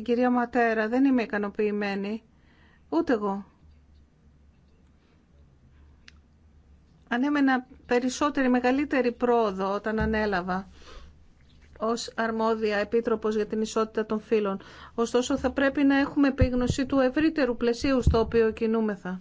Κυρία Ματέρα, δεν είμαι ικανοποιημένη. Ούτε εγώ. Ανέμενα περισσότερη, μεγαλύτερη πρόοδο όταν ανέλαβα ως αρμόδια επίτροπος για την ισότητα των φύλων. Ωστόσο θα πρέπει να έχουμε επίγνωση του ευρύτερου πλαισίου στο οποίο κινούμεθα.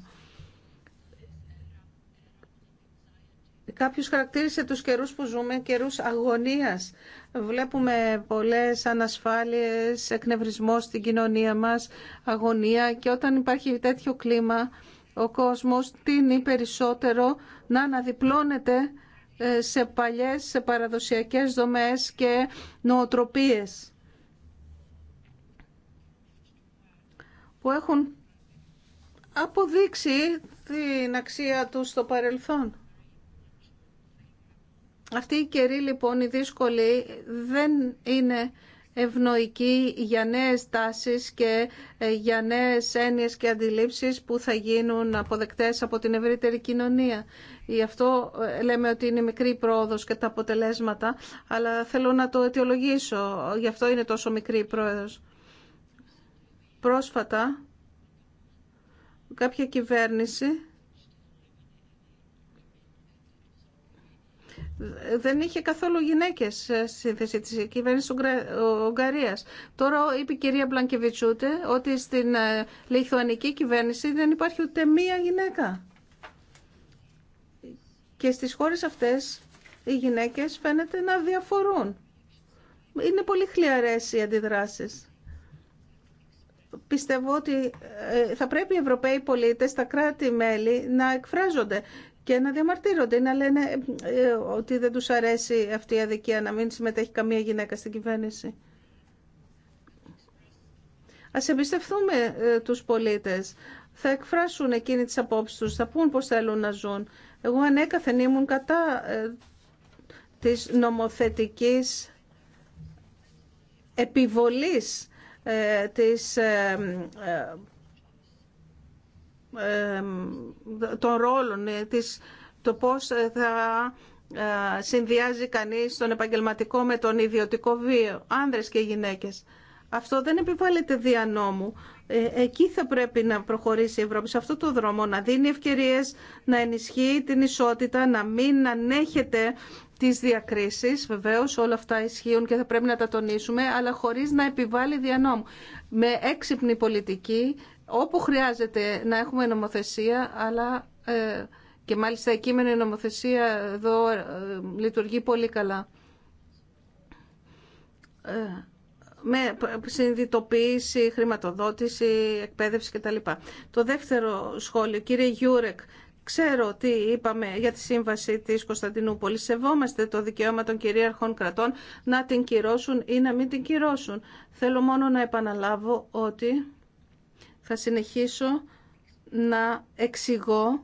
Κάποιος χαρακτήρισε τους καιρούς που ζούμε καιρούς αγωνίας. Βλέπουμε πολλές ανασφάλειες, εκνευρισμό στην κοινωνία μας, αγωνία και όταν υπάρχει τέτοιο κλίμα ο κόσμος τίνει περισσότερο να αναδιπλώνεται ε, σε παλιές σε παραδοσιακές δομές και νοοτροπίες που έχουν αποδείξει την αξία τους στο παρελθόν. Αυτή η καιρή λοιπόν η δύσκολη δεν είναι ευνοϊκή για νέες τάσεις και ε, για νέες έννοιες και αντιλήψεις που θα γίνουν αποδεκτές από την ευρύτερη κοινωνία. Γι' αυτό ε, λέμε ότι είναι μικρή πρόοδος και τα αποτελέσματα, αλλά θέλω να το αιτιολογήσω. Γι' αυτό είναι τόσο μικρή η πρόοδος. Πρόσφατα κάποια κυβέρνηση δεν είχε καθόλου γυναίκε στη σύνθεση της Κυβέρνηση Ουγγαρία. Τώρα είπε η κυρία Μπλανκεβιτσούτε ότι στην ε, λιθουανική κυβέρνηση δεν υπάρχει ούτε μία γυναίκα. Και στις χώρες αυτές οι γυναίκες φαίνεται να διαφορούν. Είναι πολύ χλιαρές οι αντιδράσεις. Πιστεύω ότι ε, θα πρέπει οι Ευρωπαίοι πολίτες, τα κράτη-μέλη να εκφράζονται και να διαμαρτύρονται, να λένε ε, ε, ότι δεν τους αρέσει αυτή η αδικία να μην συμμετέχει καμία γυναίκα στην κυβέρνηση. Ας εμπιστευτούμε ε, τους πολίτες. Θα εκφράσουν εκείνοι τις απόψεις τους, θα πούν πώς θέλουν να ζουν. Εγώ ανέκαθεν ήμουν κατά της νομοθετικής επιβολής της των ρόλων ναι, της, το πώς ε, θα ε, συνδυάζει κανείς τον επαγγελματικό με τον ιδιωτικό βίο, άνδρες και γυναίκες. Αυτό δεν επιβάλλεται δια νόμου. Ε, εκεί θα πρέπει να προχωρήσει η Ευρώπη, σε αυτό το δρόμο, να δίνει ευκαιρίες, να ενισχύει την ισότητα, να μην ανέχεται τις διακρίσεις. Βεβαίως όλα αυτά ισχύουν και θα πρέπει να τα τονίσουμε, αλλά χωρίς να επιβάλλει δια νόμου. Με έξυπνη πολιτική όπου χρειάζεται να έχουμε νομοθεσία, αλλά ε, και μάλιστα η κείμενη νομοθεσία εδώ ε, λειτουργεί πολύ καλά. Ε, με συνειδητοποίηση, χρηματοδότηση, εκπαίδευση κτλ. Το δεύτερο σχόλιο, κύριε Γιούρεκ, Ξέρω τι είπαμε για τη σύμβαση τη Κωνσταντινούπολη. Σεβόμαστε το δικαίωμα των κυρίαρχων κρατών να την κυρώσουν ή να μην την κυρώσουν. Θέλω μόνο να επαναλάβω ότι θα συνεχίσω να εξηγώ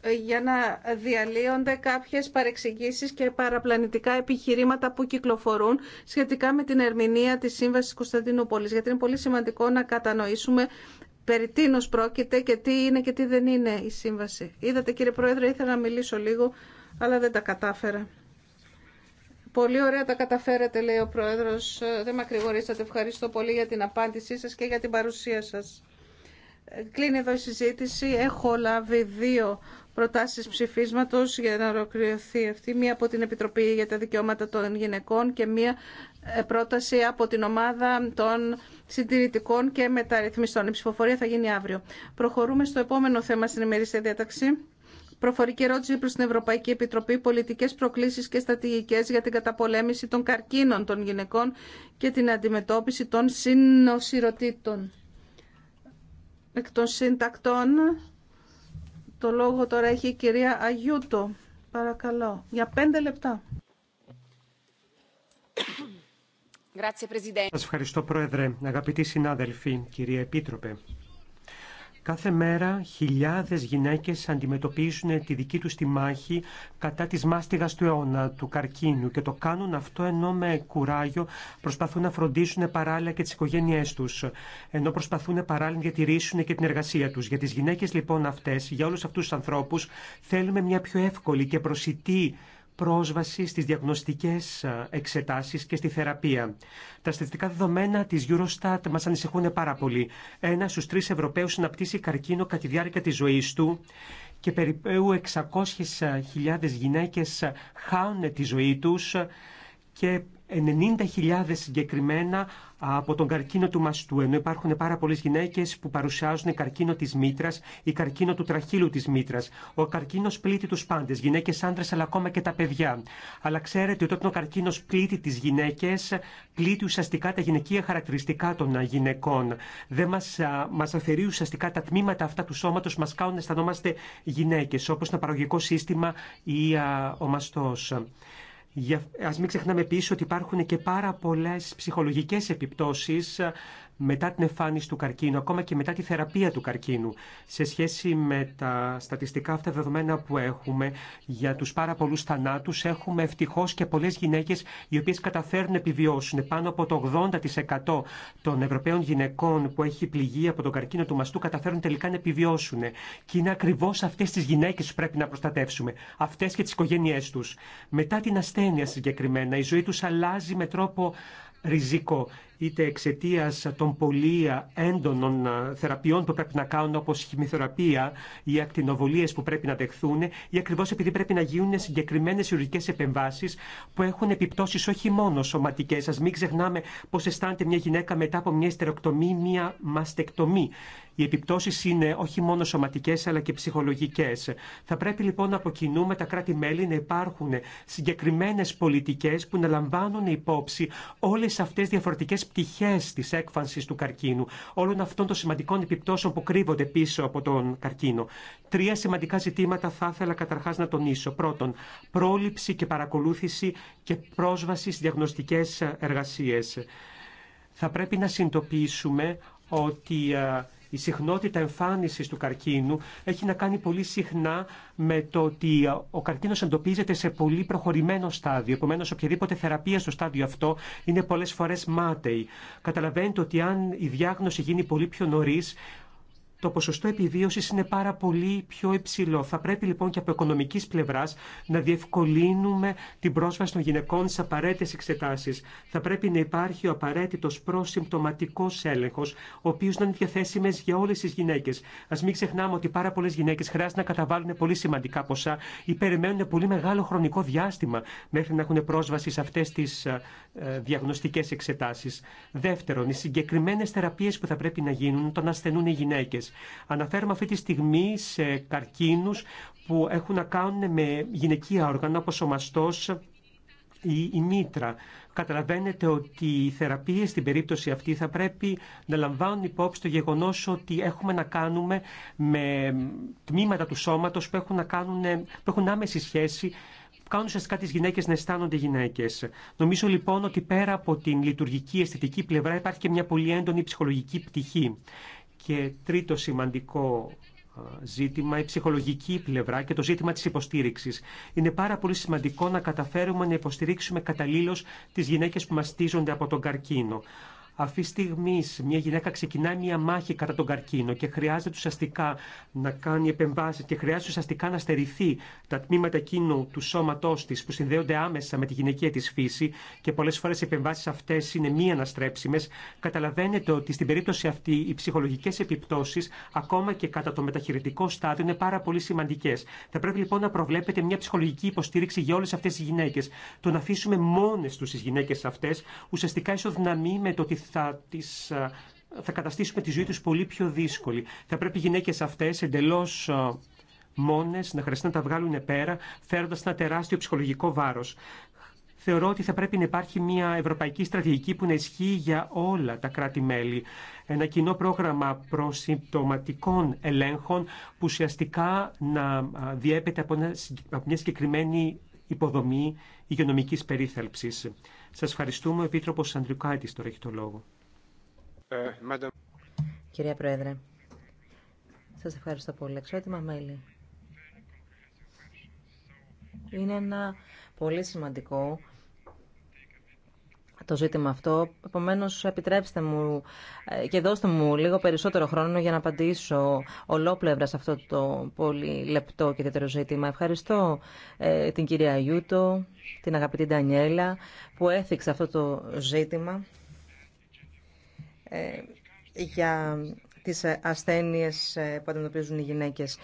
ε, για να διαλύονται κάποιες παρεξηγήσεις και παραπλανητικά επιχειρήματα που κυκλοφορούν σχετικά με την ερμηνεία της Σύμβασης Κωνσταντινούπολης. Γιατί είναι πολύ σημαντικό να κατανοήσουμε περί τίνος πρόκειται και τι είναι και τι δεν είναι η Σύμβαση. Είδατε κύριε Πρόεδρε, ήθελα να μιλήσω λίγο, αλλά δεν τα κατάφερα. Πολύ ωραία τα καταφέρατε, λέει ο πρόεδρο. Ε, δεν ακρηγορήσατε. Ευχαριστώ πολύ για την απάντησή σας και για την παρουσία σας. Ε, κλείνει εδώ η συζήτηση. Έχω λάβει δύο προτάσεις ψηφίσματος για να ολοκληρωθεί αυτή. Μία από την Επιτροπή για τα Δικαιώματα των Γυναικών και μία ε, πρόταση από την ομάδα των συντηρητικών και μεταρρυθμιστών. Η ψηφοφορία θα γίνει αύριο. Προχωρούμε στο επόμενο θέμα στην ημερήσια διάταξη. Προφορική ερώτηση προ την Ευρωπαϊκή Επιτροπή πολιτικέ προκλήσει και στατηγικέ για την καταπολέμηση των καρκίνων των γυναικών και την αντιμετώπιση των συνοσυρωτήτων. Εκ των συντακτών, το λόγο τώρα έχει η κυρία Αγιούτο. Παρακαλώ, για πέντε λεπτά. Σας ευχαριστώ, Πρόεδρε. Αγαπητοί συνάδελφοι, κυρία Επίτροπε. Κάθε μέρα χιλιάδες γυναίκες αντιμετωπίζουν τη δική τους τη μάχη κατά της μάστιγας του αιώνα, του καρκίνου και το κάνουν αυτό ενώ με κουράγιο προσπαθούν να φροντίσουν παράλληλα και τις οικογένειές τους, ενώ προσπαθούν παράλληλα να διατηρήσουν και την εργασία τους. Για τις γυναίκες λοιπόν αυτές, για όλους αυτούς τους ανθρώπους, θέλουμε μια πιο εύκολη και προσιτή πρόσβαση στις διαγνωστικές εξετάσεις και στη θεραπεία. Τα στατιστικά δεδομένα της Eurostat μας ανησυχούν πάρα πολύ. Ένα στους τρεις Ευρωπαίους αναπτύσσει καρκίνο κατά τη διάρκεια της ζωής του και περίπου 600.000 γυναίκες χάνουν τη ζωή τους και 90.000 συγκεκριμένα από τον καρκίνο του μαστού, ενώ υπάρχουν πάρα πολλέ γυναίκε που παρουσιάζουν καρκίνο τη μήτρα ή καρκίνο του τραχύλου τη μήτρα. Ο καρκίνο πλήττει του πάντε, γυναίκε, άντρε, αλλά ακόμα και τα παιδιά. Αλλά ξέρετε ότι όταν ο καρκίνο πλήττει τι γυναίκε, πλήττει ουσιαστικά τα γυναικεία χαρακτηριστικά των γυναικών. Δεν μα μας αφαιρεί ουσιαστικά τα τμήματα αυτά του σώματο, μα κάνουν να αισθανόμαστε γυναίκε, όπω το παραγωγικό σύστημα ή ο Ας μην ξεχνάμε επίσης ότι υπάρχουν και πάρα πολλές ψυχολογικές επιπτώσεις μετά την εμφάνιση του καρκίνου, ακόμα και μετά τη θεραπεία του καρκίνου. Σε σχέση με τα στατιστικά αυτά δεδομένα που έχουμε για τους πάρα πολλούς θανάτους, έχουμε ευτυχώς και πολλές γυναίκες οι οποίες καταφέρνουν να επιβιώσουν. Πάνω από το 80% των Ευρωπαίων γυναικών που έχει πληγεί από τον καρκίνο του μαστού καταφέρνουν τελικά να επιβιώσουν. Και είναι ακριβώς αυτές τις γυναίκες που πρέπει να προστατεύσουμε. Αυτές και τις οικογένειές τους. Μετά την ασθένεια συγκεκριμένα, η ζωή τους αλλάζει με τρόπο ριζικό είτε εξαιτία των πολύ έντονων ε, θεραπείων που πρέπει να κάνουν, όπω χημιθεραπεία ή ακτινοβολίε που πρέπει να δεχθούν, ή ακριβώ επειδή πρέπει να γίνουν συγκεκριμένε χειρουργικέ επεμβάσει που έχουν επιπτώσει όχι μόνο σωματικέ. Α μην ξεχνάμε πώ αισθάνεται μια γυναίκα μετά από μια ιστεροκτομή ή μια μαστεκτομή. Οι επιπτώσει είναι όχι μόνο σωματικέ αλλά και ψυχολογικέ. Θα πρέπει λοιπόν από κοινού με τα κράτη-μέλη να υπάρχουν συγκεκριμένε πολιτικέ που να λαμβάνουν υπόψη όλε αυτέ τι διαφορετικέ πτυχέ τη έκφανση του καρκίνου, όλων αυτών των σημαντικών επιπτώσεων που κρύβονται πίσω από τον καρκίνο. Τρία σημαντικά ζητήματα θα ήθελα καταρχάς να τονίσω. Πρώτον, πρόληψη και παρακολούθηση και πρόσβαση στι διαγνωστικές εργασίες. Θα πρέπει να συνειδητοποιήσουμε ότι η συχνότητα εμφάνισης του καρκίνου έχει να κάνει πολύ συχνά με το ότι ε, ο καρκίνος εντοπίζεται σε πολύ προχωρημένο στάδιο. Επομένω, οποιαδήποτε θεραπεία στο στάδιο αυτό είναι πολλές φορές μάταιη. Καταλαβαίνετε ότι αν η διάγνωση γίνει πολύ πιο νωρίς, το ποσοστό επιβίωσης είναι πάρα πολύ πιο υψηλό. Θα πρέπει λοιπόν και από οικονομικής πλευράς να διευκολύνουμε την πρόσβαση των γυναικών στις απαραίτητες εξετάσεις. Θα πρέπει να υπάρχει ο απαραίτητος προσυμπτωματικός έλεγχος, ο οποίος να είναι διαθέσιμες για όλες τις γυναίκες. Ας μην ξεχνάμε ότι πάρα πολλές γυναίκες χρειάζονται να καταβάλουν πολύ σημαντικά ποσά ή περιμένουν πολύ μεγάλο χρονικό διάστημα μέχρι να έχουν πρόσβαση σε αυτές τις ε, ε, διαγνωστικές εξετάσεις. Δεύτερον, οι συγκεκριμένες θεραπείες που θα πρέπει να γίνουν των ασθενούν οι γυναίκες. Αναφέρομαι αυτή τη στιγμή σε καρκίνους που έχουν να κάνουν με γυναικεία όργανα όπω ο μαστός ή η μήτρα. Καταλαβαίνετε ότι οι θεραπείε στην περίπτωση αυτή θα πρέπει να λαμβάνουν υπόψη το γεγονό ότι έχουμε να κάνουμε με τμήματα του σώματο που έχουν, να που έχουν άμεση σχέση κάνουν ουσιαστικά τι γυναίκε να αισθάνονται γυναίκε. Νομίζω λοιπόν ότι πέρα από την λειτουργική αισθητική πλευρά υπάρχει και μια πολύ έντονη ψυχολογική πτυχή. Και τρίτο σημαντικό ζήτημα, η ψυχολογική πλευρά και το ζήτημα της υποστήριξης. Είναι πάρα πολύ σημαντικό να καταφέρουμε να υποστηρίξουμε καταλήλως τις γυναίκες που μαστίζονται από τον καρκίνο. Αυτή τη στιγμή μια γυναίκα ξεκινάει μια μάχη κατά τον καρκίνο και χρειάζεται ουσιαστικά να κάνει επεμβάσει και χρειάζεται ουσιαστικά να στερηθεί τα τμήματα εκείνου του σώματό τη που συνδέονται άμεσα με τη γυναικεία τη φύση και πολλέ φορέ οι επεμβάσει αυτέ είναι μη αναστρέψιμε. Καταλαβαίνετε ότι στην περίπτωση αυτή οι ψυχολογικέ επιπτώσει ακόμα και κατά το μεταχειρητικό στάδιο είναι πάρα πολύ σημαντικέ. Θα πρέπει λοιπόν να προβλέπετε μια ψυχολογική υποστήριξη για όλε αυτέ τι γυναίκε. Το να αφήσουμε μόνε του τι γυναίκε αυτέ ουσιαστικά ισοδυναμεί με το θα ε, θα καταστήσουμε τη ζωή τους πολύ πιο δύσκολη. Θα πρέπει οι γυναίκες αυτές εντελώς ε, μόνες να χρειαστεί να τα βγάλουν πέρα, φέροντας ένα τεράστιο ψυχολογικό βάρος. Θεωρώ ότι θα πρέπει να υπάρχει μια ευρωπαϊκή στρατηγική που να ισχύει για όλα τα κράτη-μέλη. Ένα κοινό πρόγραμμα προσυμπτωματικών ελέγχων που ουσιαστικά να ε, διέπεται από μια συγκεκριμένη υποδομή υγειονομική περίθαλψη. Σας ευχαριστούμε. Ο Επίτροπο τώρα έχει το λόγο. Ε, Κυρία Πρόεδρε, σας ευχαριστώ πολύ. Εξώτημα μέλη. Είναι ένα πολύ σημαντικό το ζήτημα αυτό. Επομένω, επιτρέψτε μου ε, και δώστε μου λίγο περισσότερο χρόνο για να απαντήσω ολόπλευρα σε αυτό το πολύ λεπτό και ιδιαίτερο ζήτημα. Ευχαριστώ ε, την κυρία Γιούτο, την αγαπητή Ντανιέλα, που έθιξε αυτό το ζήτημα ε, για τις ασθένειες που αντιμετωπίζουν οι γυναίκες.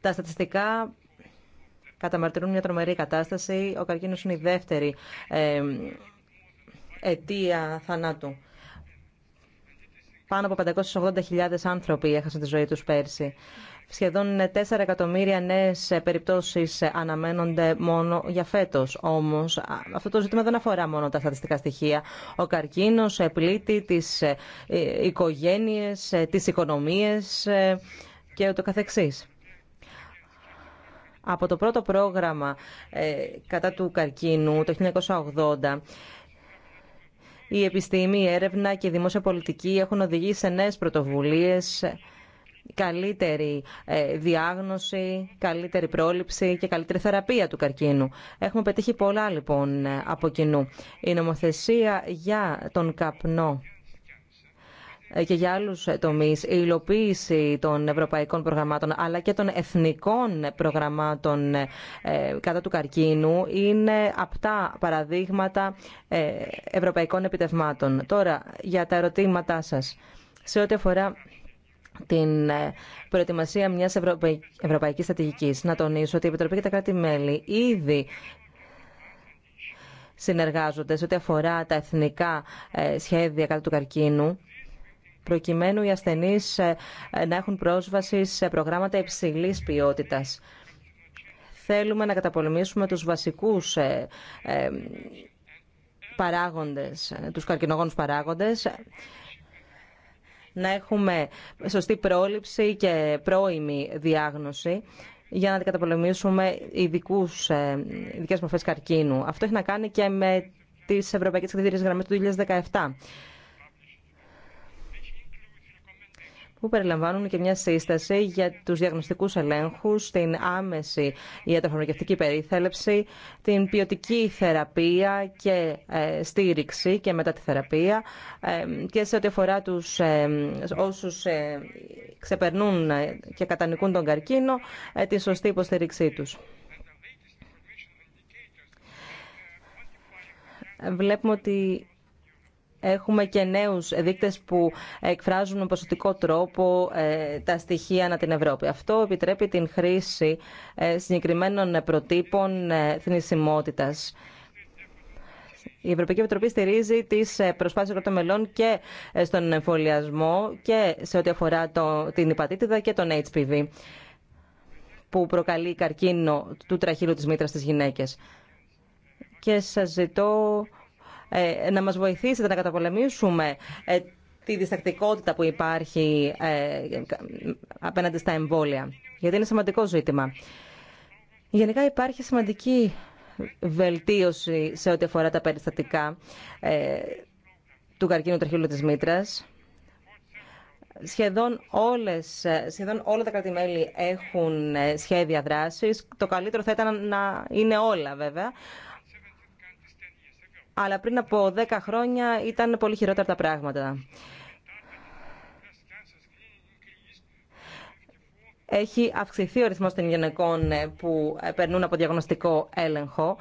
Τα στατιστικά καταμαρτυρούν μια τρομερή κατάσταση. Ο καρκίνος είναι η δεύτερη αιτία θανάτου. Πάνω από 580.000 άνθρωποι έχασαν τη ζωή τους πέρσι. Σχεδόν 4 εκατομμύρια νέες περιπτώσεις αναμένονται μόνο για φέτος. Όμως αυτό το ζήτημα δεν αφορά μόνο τα στατιστικά στοιχεία. Ο καρκίνος επλήττει τις ε, οικογένειες, ε, τις οικονομίες ε, και ούτω καθεξής. Από το πρώτο πρόγραμμα κατά του καρκίνου το 1980 η επιστήμη, η έρευνα και η δημόσια πολιτική έχουν οδηγήσει σε νέες πρωτοβουλίες, καλύτερη ε, διάγνωση, καλύτερη πρόληψη και καλύτερη θεραπεία του καρκίνου. Έχουμε πετύχει πολλά λοιπόν από κοινού. Η νομοθεσία για τον καπνό ε, και για άλλους ε, τομείς η υλοποίηση των ευρωπαϊκών προγραμμάτων αλλά και των εθνικών προγραμμάτων ε, κατά του καρκίνου είναι απτά παραδείγματα ευρωπαϊκών επιτευμάτων. Τώρα, για τα ερωτήματά σας. Σε ό,τι αφορά την προετοιμασία μιας ευρωπαϊκής στρατηγικής, να τονίσω ότι η Επιτροπή και τα κράτη-μέλη ήδη συνεργάζονται σε ό,τι αφορά τα εθνικά σχέδια κατά του καρκίνου προκειμένου οι ασθενείς ε, ε, να έχουν πρόσβαση σε προγράμματα υψηλής ποιότητας. Θέλουμε να καταπολεμήσουμε τους βασικούς ε, παράγοντες, τους καρκινογόνους παράγοντες, να έχουμε σωστή πρόληψη και πρόημη διάγνωση για να καταπολεμήσουμε ειδικούς, ειδικές μορφές καρκίνου. Αυτό έχει να κάνει και με τις Ευρωπαϊκές Κατηγορίες Γραμμές του 2017. που περιλαμβάνουν και μια σύσταση για τους διαγνωστικούς ελέγχους, την άμεση ιατροφαρμακευτική περίθαλψη, την ποιοτική θεραπεία και ε, στήριξη και μετά τη θεραπεία ε, και σε ό,τι αφορά τους ε, όσους ξεπερνούν και κατανικούν τον καρκίνο, τη σωστή υποστήριξή του. Βλέπουμε ότι Έχουμε και νέου δείκτε που εκφράζουν με ποσοτικό τρόπο ε, τα στοιχεία ανά την Ευρώπη. Αυτό επιτρέπει την χρήση ε, συγκεκριμένων προτύπων ε, θνησιμότητα. Η Ευρωπαϊκή Επιτροπή στηρίζει τι προσπάθειε των μελών και στον εμβολιασμό και σε ό,τι αφορά το, την υπατήτηδα και τον HPV που προκαλεί καρκίνο του τραχύλου της μήτρας στις γυναίκες. Και σας ζητώ ε, να μας βοηθήσετε να καταπολεμήσουμε ε, τη διστακτικότητα που υπάρχει ε, απέναντι στα εμβόλια. Γιατί είναι σημαντικό ζήτημα. Γενικά υπάρχει σημαντική βελτίωση σε ό,τι αφορά τα περιστατικά του καρκίνου τραχύλου της μήτρας. Σχεδόν, όλες, σχεδόν όλα τα κρατημέλη έχουν σχέδια δράσης. Το καλύτερο θα ήταν να είναι όλα βέβαια αλλά πριν από 10 χρόνια ήταν πολύ χειρότερα τα πράγματα. Έχει αυξηθεί ο ρυθμός των γυναικών ε, που ε, περνούν από διαγνωστικό έλεγχο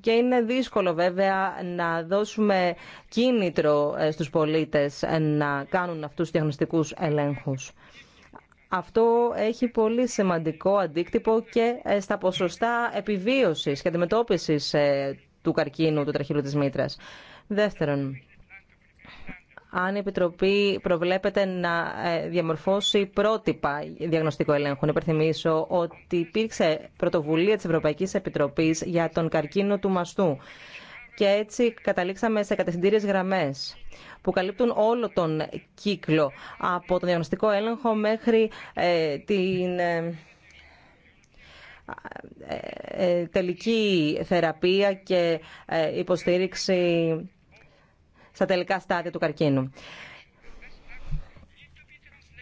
και είναι δύσκολο βέβαια να δώσουμε κίνητρο ε, στους πολίτες να κάνουν αυτούς τους διαγνωστικούς ελέγχους. Αυτό έχει πολύ σημαντικό αντίκτυπο και στα ποσοστά επιβίωσης και αντιμετώπισης του καρκίνου του τραχύλου της μήτρας. Δεύτερον, αν η Επιτροπή προβλέπεται να ε, διαμορφώσει πρότυπα διαγνωστικού ελέγχου. Υπερθυμίσω ότι υπήρξε πρωτοβουλία της Ευρωπαϊκής Επιτροπής για τον καρκίνο του μαστού. Και έτσι καταλήξαμε σε κατευθυντήριες γραμμές που καλύπτουν όλο τον κύκλο από τον διαγνωστικό έλεγχο μέχρι ε, την ε, ε, ε, τελική θεραπεία και ε, υποστήριξη στα τελικά στάδια του καρκίνου.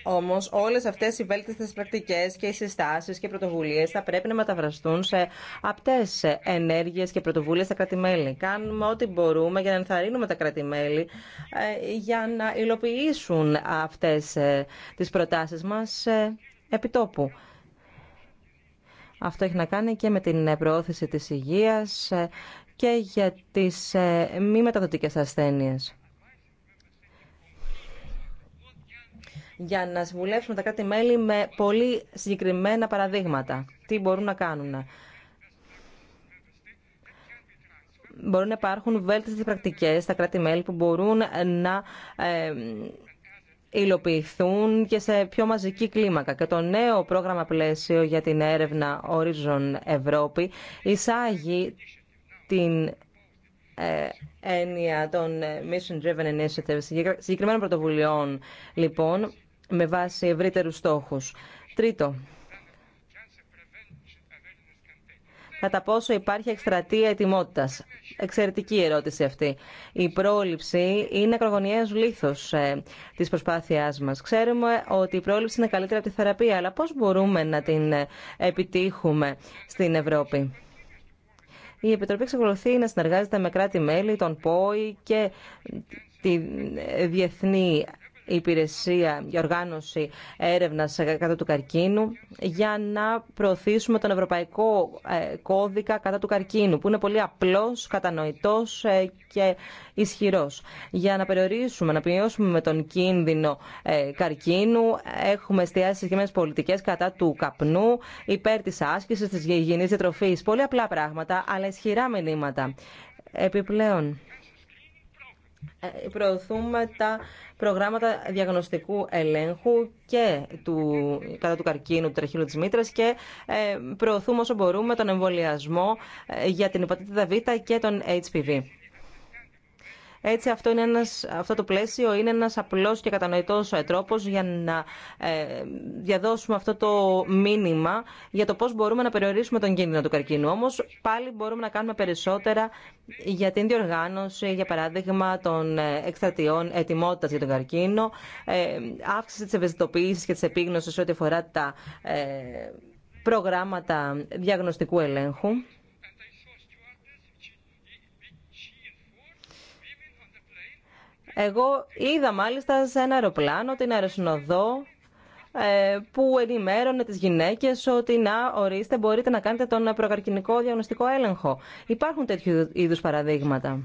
Όμω, όλε αυτέ οι βέλτιστε πρακτικέ και οι συστάσει και οι πρωτοβουλίε θα πρέπει να μεταφραστούν σε απτέ ενέργειε και πρωτοβουλίε στα κρατη Κάνουμε ό,τι μπορούμε για να ενθαρρύνουμε τα κρατη για να υλοποιήσουν αυτέ τι προτάσει μα επιτόπου. Αυτό έχει να κάνει και με την ε, προώθηση της υγείας ε, και για τις ε, μη μεταδοτικές ασθένειες. για να συμβουλεύσουμε τα κράτη-μέλη με πολύ συγκεκριμένα παραδείγματα. Τι μπορούν να κάνουν. Μπορούν να υπάρχουν βέλτιστες πρακτικές στα κράτη-μέλη που μπορούν να υλοποιηθούν και σε πιο μαζική κλίμακα. Και το νέο πρόγραμμα πλαίσιο για την έρευνα Horizon Ευρώπη εισάγει την ε, έννοια των ε, Mission Driven Initiatives, συγκεκριμένων πρωτοβουλειών, λοιπόν, με βάση ευρύτερους στόχους. Τρίτο, κατά πόσο υπάρχει εκστρατεία ετοιμότητα. Εξαιρετική ερώτηση αυτή. Η πρόληψη είναι ακρογωνιαίο λήθο ε, τη προσπάθειά μα. Ξέρουμε ότι η πρόληψη είναι καλύτερη από τη θεραπεία, αλλά πώ μπορούμε να την ε, επιτύχουμε στην Ευρώπη. Η Επιτροπή εξακολουθεί να συνεργάζεται με κράτη-μέλη, τον ΠΟΗ και τη ε, Διεθνή η υπηρεσία οργάνωση έρευνα κατά του καρκίνου για να προωθήσουμε τον Ευρωπαϊκό ε, Κώδικα κατά του καρκίνου, που είναι πολύ απλό, κατανοητό ε, και ισχυρό. Για να περιορίσουμε, να ποιώσουμε με τον κίνδυνο ε, καρκίνου, έχουμε εστιάσει συγκεκριμένε πολιτικέ κατά του καπνού, υπέρ τη άσκηση, τη υγιεινή διατροφή. Πολύ απλά πράγματα, αλλά ισχυρά μηνύματα. Επιπλέον, ε, προωθούμε τα προγράμματα διαγνωστικού ελέγχου και του, κατά του καρκίνου, του τραχύλου της μήτρας και ε, προωθούμε όσο μπορούμε τον εμβολιασμό ε, για την υπατήτητα Β και τον HPV. Έτσι αυτό, είναι ένας, αυτό το πλαίσιο είναι ένας απλός και κατανοητός ε, τρόπος για να ε, διαδώσουμε αυτό το μήνυμα για το πώς μπορούμε να περιορίσουμε τον κίνδυνο του καρκίνου. Όμως πάλι μπορούμε να κάνουμε περισσότερα για την διοργάνωση, για παράδειγμα, των ε, εκστρατιών ετοιμότητας για τον καρκίνο, αύξηση της ευαισθητοποίησης και της επίγνωσης ό,τι αφορά τα προγράμματα διαγνωστικού ελέγχου. Εγώ είδα μάλιστα σε ένα αεροπλάνο την αεροσυνοδό ε, που ενημέρωνε τις γυναίκες ότι να ορίστε μπορείτε να κάνετε τον προκαρκινικό διαγνωστικό έλεγχο. Υπάρχουν τέτοιου είδους παραδείγματα.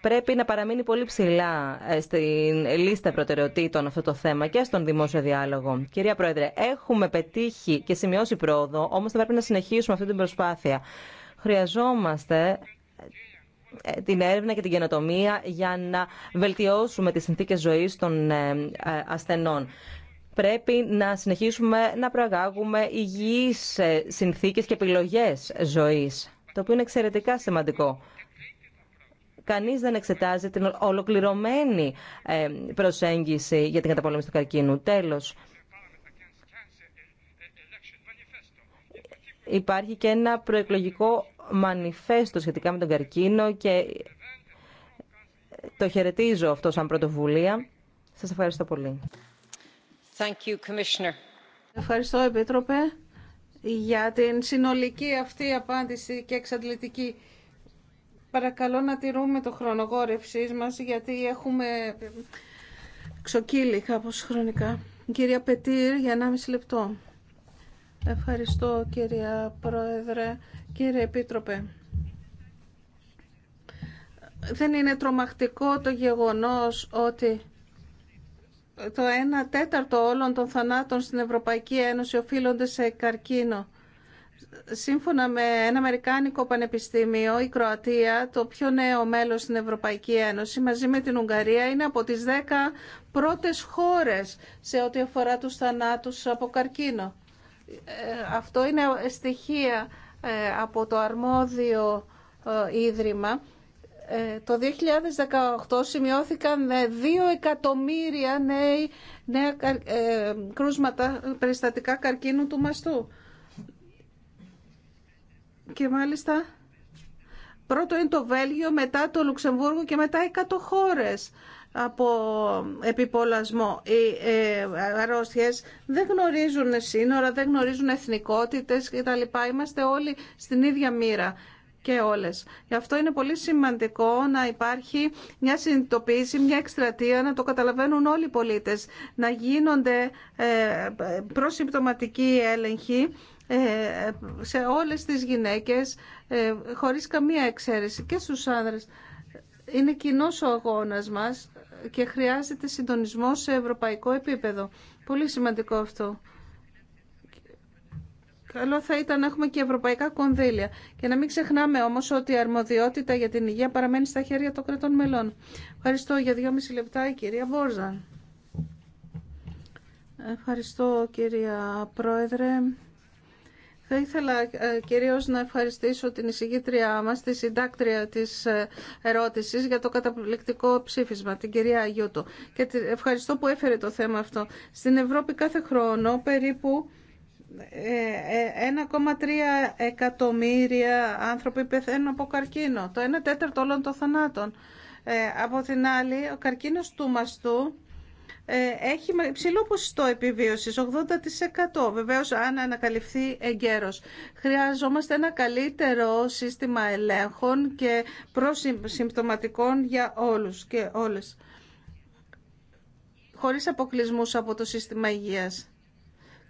Πρέπει να παραμείνει πολύ ψηλά ε, στην λίστα προτεραιοτήτων αυτό το θέμα και στον δημόσιο διάλογο. Κυρία Πρόεδρε, έχουμε πετύχει και σημειώσει πρόοδο, όμως θα πρέπει να συνεχίσουμε αυτή την προσπάθεια. Χρειαζόμαστε ε, την έρευνα και την καινοτομία για να βελτιώσουμε τις συνθήκες ζωής των ε, ε, ασθενών. Πρέπει να συνεχίσουμε να προαγάγουμε υγιείς συνθήκες και επιλογές ζωής, το οποίο είναι εξαιρετικά σημαντικό. Κανείς δεν εξετάζει την ολοκληρωμένη προσέγγιση για την καταπολέμηση του καρκίνου. Τέλος, υπάρχει και ένα προεκλογικό μανιφέστο σχετικά με τον καρκίνο και το χαιρετίζω αυτό σαν πρωτοβουλία. Σας ευχαριστώ πολύ. Thank you, Commissioner. Ευχαριστώ, Επίτροπε, για την συνολική αυτή απάντηση και εξαντλητική. Παρακαλώ να τηρούμε το χρονογόρευσή μας, γιατί έχουμε ξοκύλει κάπως χρονικά. Κυρία Πετήρ, για 1,5 λεπτό. Ευχαριστώ, κυρία Πρόεδρε. Κύριε Επίτροπε, δεν είναι τρομακτικό το γεγονός ότι το 1 τέταρτο όλων των θανάτων στην Ευρωπαϊκή Ένωση οφείλονται σε καρκίνο. Σύμφωνα με ένα Αμερικάνικο πανεπιστήμιο, η Κροατία, το πιο νέο μέλος στην Ευρωπαϊκή Ένωση, μαζί με την Ουγγαρία, είναι από τις 10 πρώτες χώρες σε ό,τι αφορά τους θανάτους από καρκίνο. Ε, αυτό είναι στοιχεία ε, από το αρμόδιο ε, ίδρυμα, ε, το 2018 σημειώθηκαν 2 εκατομμύρια νέοι, νέα κρούσματα περιστατικά καρκίνου του μαστού. Και μάλιστα πρώτο είναι το Βέλγιο, μετά το Λουξεμβούργο και μετά 100 χώρες από επιπολασμό. Οι ε, αρρώστιες δεν γνωρίζουν σύνορα, δεν γνωρίζουν εθνικότητες κτλ. Είμαστε όλοι στην ίδια μοίρα και όλες. Γι' αυτό είναι πολύ σημαντικό να υπάρχει μια συνειδητοποίηση, μια εκστρατεία, να το καταλαβαίνουν όλοι οι πολίτες, να γίνονται ε, προσυμπτωματικοί έλεγχοι ε, σε όλες τις γυναίκες, χωρίς καμία εξαίρεση και στους άνδρες. Είναι κοινό ο αγώνας μας και χρειάζεται συντονισμό σε ευρωπαϊκό επίπεδο. Πολύ σημαντικό αυτό. Καλό θα ήταν να έχουμε και ευρωπαϊκά κονδύλια. Και να μην ξεχνάμε όμως ότι η αρμοδιότητα για την υγεία παραμένει στα χέρια των κρατών μελών. Ευχαριστώ για δύο μισή λεπτά η κυρία Μπόρζαν. Ευχαριστώ κυρία Πρόεδρε. Θα ήθελα ε, κυρίως να ευχαριστήσω την εισηγήτριά μας, τη συντάκτρια της ε, ερώτησης για το καταπληκτικό ψήφισμα, την κυρία Αγιούτο. Και ευχαριστώ που έφερε το θέμα αυτό. Στην Ευρώπη κάθε χρόνο περίπου 1,3 ε, εκατομμύρια άνθρωποι πεθαίνουν από καρκίνο, το 1 τέταρτο όλων των θανάτων. Από την άλλη, ο καρκίνος του μαστού ε, έχει ψηλό ποσοστό επιβίωσης, 80%. Βεβαίως, αν ανακαλυφθεί εγκαίρος. Χρειαζόμαστε ένα καλύτερο σύστημα ελέγχων και προσυμπτωματικών για όλους και όλες. Χωρίς αποκλεισμούς από το σύστημα υγείας.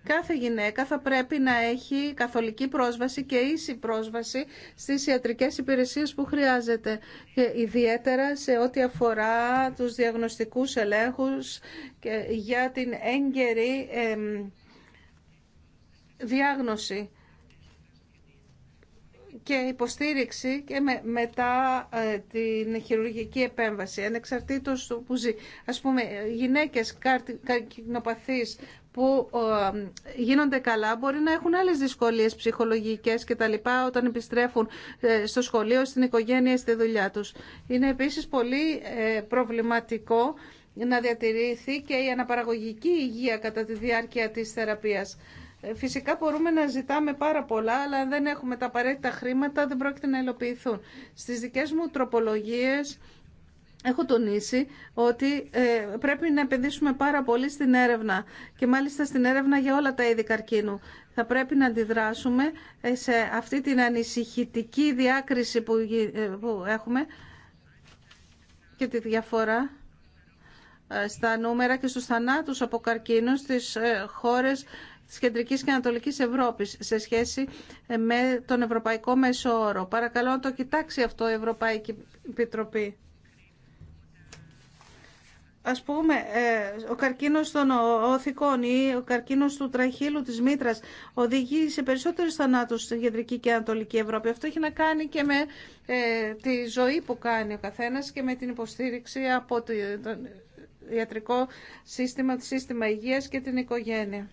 Κάθε γυναίκα θα πρέπει να έχει καθολική πρόσβαση και ίση πρόσβαση στις ιατρικές υπηρεσίες που χρειάζεται, και ιδιαίτερα σε ό,τι αφορά τους διαγνωστικούς ελέγχους για την έγκαιρη διάγνωση και υποστήριξη και μετά ε, την χειρουργική επέμβαση, ανεξαρτήτως του που ζει. Ας πούμε, γυναίκες καρκινοπαθείς που ε, γίνονται καλά μπορεί να έχουν άλλες δυσκολίες ψυχολογικές και τα λοιπά όταν επιστρέφουν ε, στο σχολείο, στην οικογένεια, στη δουλειά τους. Είναι επίσης πολύ ε, προβληματικό να διατηρηθεί και η αναπαραγωγική υγεία κατά τη διάρκεια της θεραπείας. Φυσικά μπορούμε να ζητάμε πάρα πολλά, αλλά αν δεν έχουμε τα απαραίτητα χρήματα δεν πρόκειται να υλοποιηθούν. Στις δικές μου τροπολογίες Έχω τονίσει ότι ε, πρέπει να επενδύσουμε πάρα πολύ στην έρευνα και μάλιστα στην έρευνα για όλα τα είδη καρκίνου. Θα πρέπει να αντιδράσουμε ε, σε αυτή την ανησυχητική διάκριση που ε, έχουμε και τη διαφορά στα νούμερα και στους θανάτους από καρκίνο στις χώρες της Κεντρικής και Ανατολικής Ευρώπης σε σχέση με τον Ευρωπαϊκό Μέσο Όρο. Παρακαλώ να το κοιτάξει αυτό η Ευρωπαϊκή Επιτροπή. Ας πούμε, ε, ο καρκίνος των οθικών ή ο καρκίνος του τραχύλου της μήτρας οδηγεί σε περισσότερους θανάτους στην κεντρική και ανατολική Ευρώπη. Αυτό έχει να κάνει και με ε, τη ζωή που κάνει ο καθένας και με την υποστήριξη από το ιατρικό σύστημα, το σύστημα υγείας και την οικογένεια.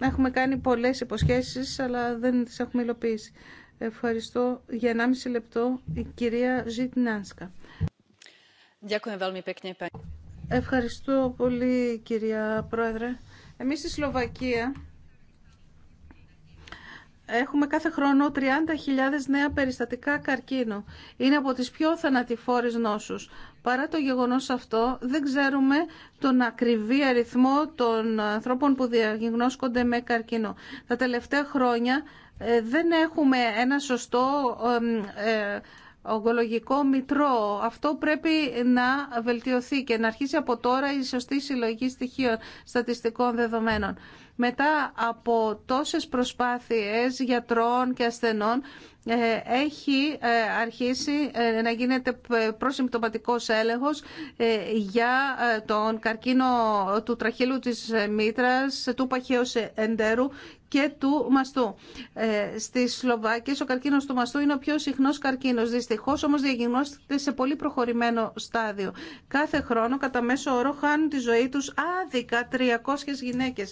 Έχουμε κάνει πολλές υποσχέσεις, αλλά δεν τις έχουμε υλοποιήσει. Ευχαριστώ για 1,5 λεπτό η κυρία Ζιτνάνσκα. Ευχαριστώ πολύ κυρία Πρόεδρε. Εμείς στη Σλοβακία έχουμε κάθε χρόνο 30.000 νέα περιστατικά καρκίνου. Είναι από τις πιο θανατηφόρες νόσους. Παρά το γεγονός αυτό, δεν ξέρουμε τον ακριβή αριθμό των ανθρώπων που διαγνώσκονται με καρκίνο. Τα τελευταία χρόνια ε, δεν έχουμε ένα σωστό ε, ογκολογικό μητρό. Αυτό πρέπει να βελτιωθεί και να αρχίσει από τώρα η σωστή συλλογή στοιχείων στατιστικών δεδομένων. Μετά από τόσες προσπάθειες γιατρών και ασθενών ε, έχει ε, αρχίσει ε, να γίνεται προσυμπτωματικός έλεγχος για τον καρκίνο του τραχύλου της μήτρας, του παχαίου εντερού και του μαστού. Ε, στις ο καρκίνο του μαστού είναι ο πιο συχνό καρκίνο. Δυστυχώ, όμω διαγνώστηκε σε πολύ προχωρημένο στάδιο. Κάθε χρόνο κατά μέσο όρο χάνουν τη ζωή τους άδικα 300 γυναίκε.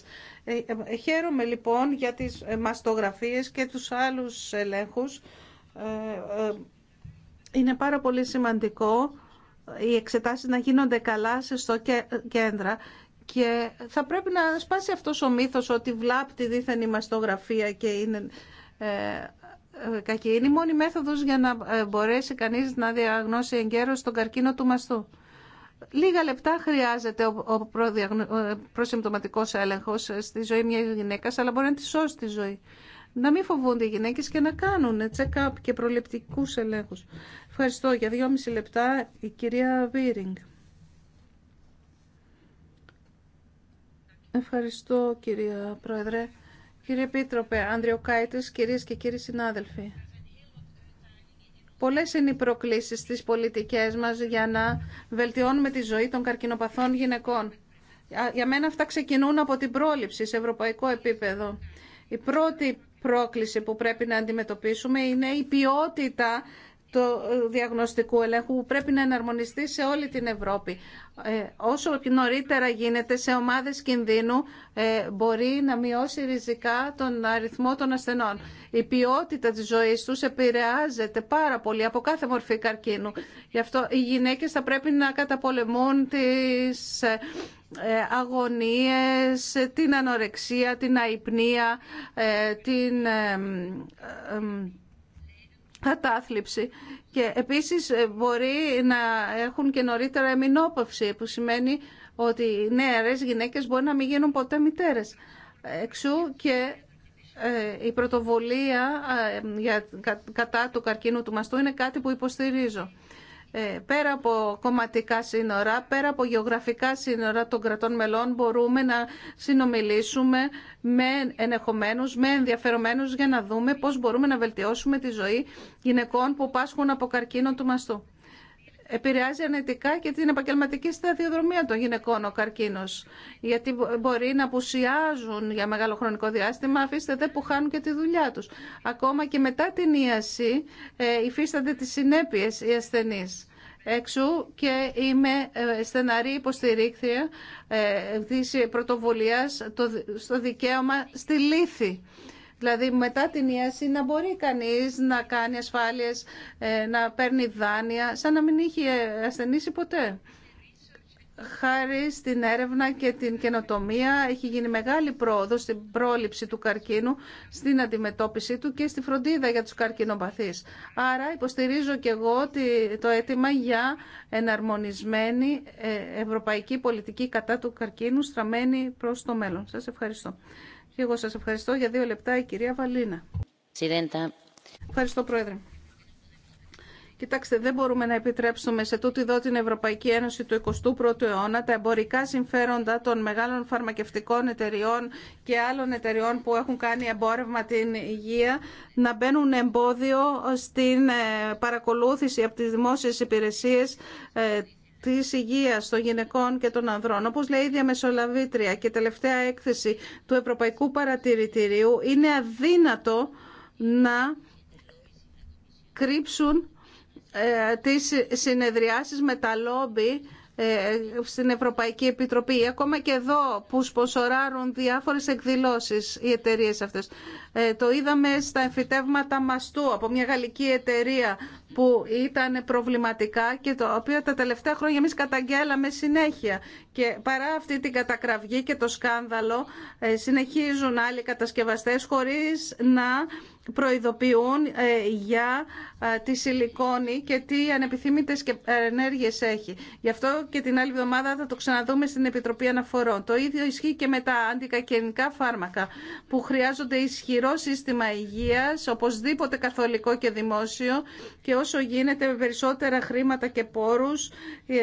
Ε, ε, χαίρομαι λοιπόν για τις μαστογραφίες και τους άλλους ελέγχους. Ε, ε, είναι πάρα πολύ σημαντικό οι εξετάσεις να γίνονται καλά στο κέντρα και θα πρέπει να σπάσει αυτός ο μύθος ότι βλάπτει δίθεν η μαστογραφία και είναι ε, ε, κακή. Είναι η μόνη μέθοδος για να ε, μπορέσει κανείς να διαγνώσει εγκαίρως τον καρκίνο του μαστού. Λίγα λεπτά χρειάζεται ο προσυμπτωματικός έλεγχος στη ζωή μια γυναίκας, αλλά μπορεί να τη σώσει τη ζωή. Να μην φοβούνται οι γυναίκες και να κάνουν check-up και προληπτικούς ελέγχους. Ευχαριστώ για δυόμιση λεπτά η κυρία Βίρινγκ. Ευχαριστώ κυρία Πρόεδρε. Κύριε Επίτροπε, Κάιτης, κυρίες και κύριοι συνάδελφοι. Πολλές είναι οι προκλήσεις στις πολιτικές μας για να βελτιώνουμε τη ζωή των καρκινοπαθών γυναικών. Για μένα αυτά ξεκινούν από την πρόληψη σε ευρωπαϊκό επίπεδο. Η πρώτη πρόκληση που πρέπει να αντιμετωπίσουμε είναι η ποιότητα του ε, διαγνωστικού ελέγχου που πρέπει να εναρμονιστεί σε όλη την Ευρώπη. Ε, όσο νωρίτερα γίνεται σε ομάδες κινδύνου ε, μπορεί να μειώσει ριζικά τον αριθμό των ασθενών. Η ποιότητα της ζωής τους επηρεάζεται πάρα πολύ από κάθε μορφή καρκίνου. Γι' αυτό οι γυναίκες θα πρέπει να καταπολεμούν τις αγωνίες, την ανορεξία, την αϊπνία, την κατάθλιψη και επίσης ε, μπορεί να έχουν και νωρίτερα εμεινόπαυση που σημαίνει ότι οι γυναίκες μπορεί να μην γίνουν ποτέ μητέρες. Εξού και ε, η πρωτοβολία ε, κατά του καρκίνου του μαστού είναι κάτι που υποστηρίζω. Ε, πέρα από κομματικά σύνορα, πέρα από γεωγραφικά σύνορα των κρατών μελών μπορούμε να συνομιλήσουμε με ενεχομένους, με ενδιαφερομένους για να δούμε πώς μπορούμε να βελτιώσουμε τη ζωή γυναικών που πάσχουν από καρκίνο του μαστού επηρεάζει ανετικά και την επαγγελματική σταδιοδρομία των γυναικών ο καρκίνος. Γιατί μπορεί να απουσιάζουν για μεγάλο χρονικό διάστημα, αφήστε δε που χάνουν και τη δουλειά τους. Ακόμα και μετά την ίαση ε, υφίστανται τις συνέπειες οι ασθενείς. έξω και είμαι ε, στεναρή υποστηρίχθεια τη ε, πρωτοβουλία στο δικαίωμα στη λύθη Δηλαδή μετά την ίαση να μπορεί κανείς να κάνει ασφάλειες, ε, να παίρνει δάνεια, σαν να μην είχε ασθενήσει ποτέ. Χάρη στην έρευνα και την καινοτομία έχει γίνει μεγάλη πρόοδο στην πρόληψη του καρκίνου, στην αντιμετώπιση του και στη φροντίδα για τους καρκινοπαθείς. Άρα υποστηρίζω και εγώ το αίτημα για εναρμονισμένη ε, ευρωπαϊκή πολιτική κατά του καρκίνου στραμμένη προς το μέλλον. Σας ευχαριστώ. Και εγώ σας ευχαριστώ για δύο λεπτά η κυρία Βαλίνα. Ευχαριστώ Πρόεδρε. Κοιτάξτε, δεν μπορούμε να επιτρέψουμε σε τούτη εδώ την Ευρωπαϊκή Ένωση του 21ου αιώνα τα εμπορικά συμφέροντα των μεγάλων φαρμακευτικών εταιριών και άλλων εταιριών που έχουν κάνει εμπόρευμα την υγεία να μπαίνουν εμπόδιο στην ε, παρακολούθηση από τις δημόσιες υπηρεσίες ε, τη υγεία των γυναικών και των ανδρών. Όπω λέει η διαμεσολαβήτρια και τελευταία έκθεση του Ευρωπαϊκού Παρατηρητηρίου, είναι αδύνατο να κρύψουν ε, τις συνεδριάσεις με τα λόμπι ε, στην Ευρωπαϊκή Επιτροπή. Ακόμα και εδώ που σποσοράρουν διάφορες εκδηλώσεις οι εταιρείε αυτές. Ε, το είδαμε στα εμφυτεύματα μαστού από μια γαλλική εταιρεία που ήταν προβληματικά και το οποίο τα τελευταία χρόνια εμεί καταγγέλαμε συνέχεια. Και παρά αυτή την κατακραυγή και το σκάνδαλο ε, συνεχίζουν άλλοι κατασκευαστές χωρίς να προειδοποιούν ε, για ε, τη σιλικόνη και τι ανεπιθύμητες ε, ενέργειες έχει. Γι' αυτό και την άλλη εβδομάδα θα το ξαναδούμε στην Επιτροπή Αναφορών. Το ίδιο ισχύει και με τα αντικακενικά φάρμακα που χρειάζονται ισχυρό σύστημα υγείας, οπωσδήποτε καθολικό και δημόσιο και όσο γίνεται με περισσότερα χρήματα και πόρους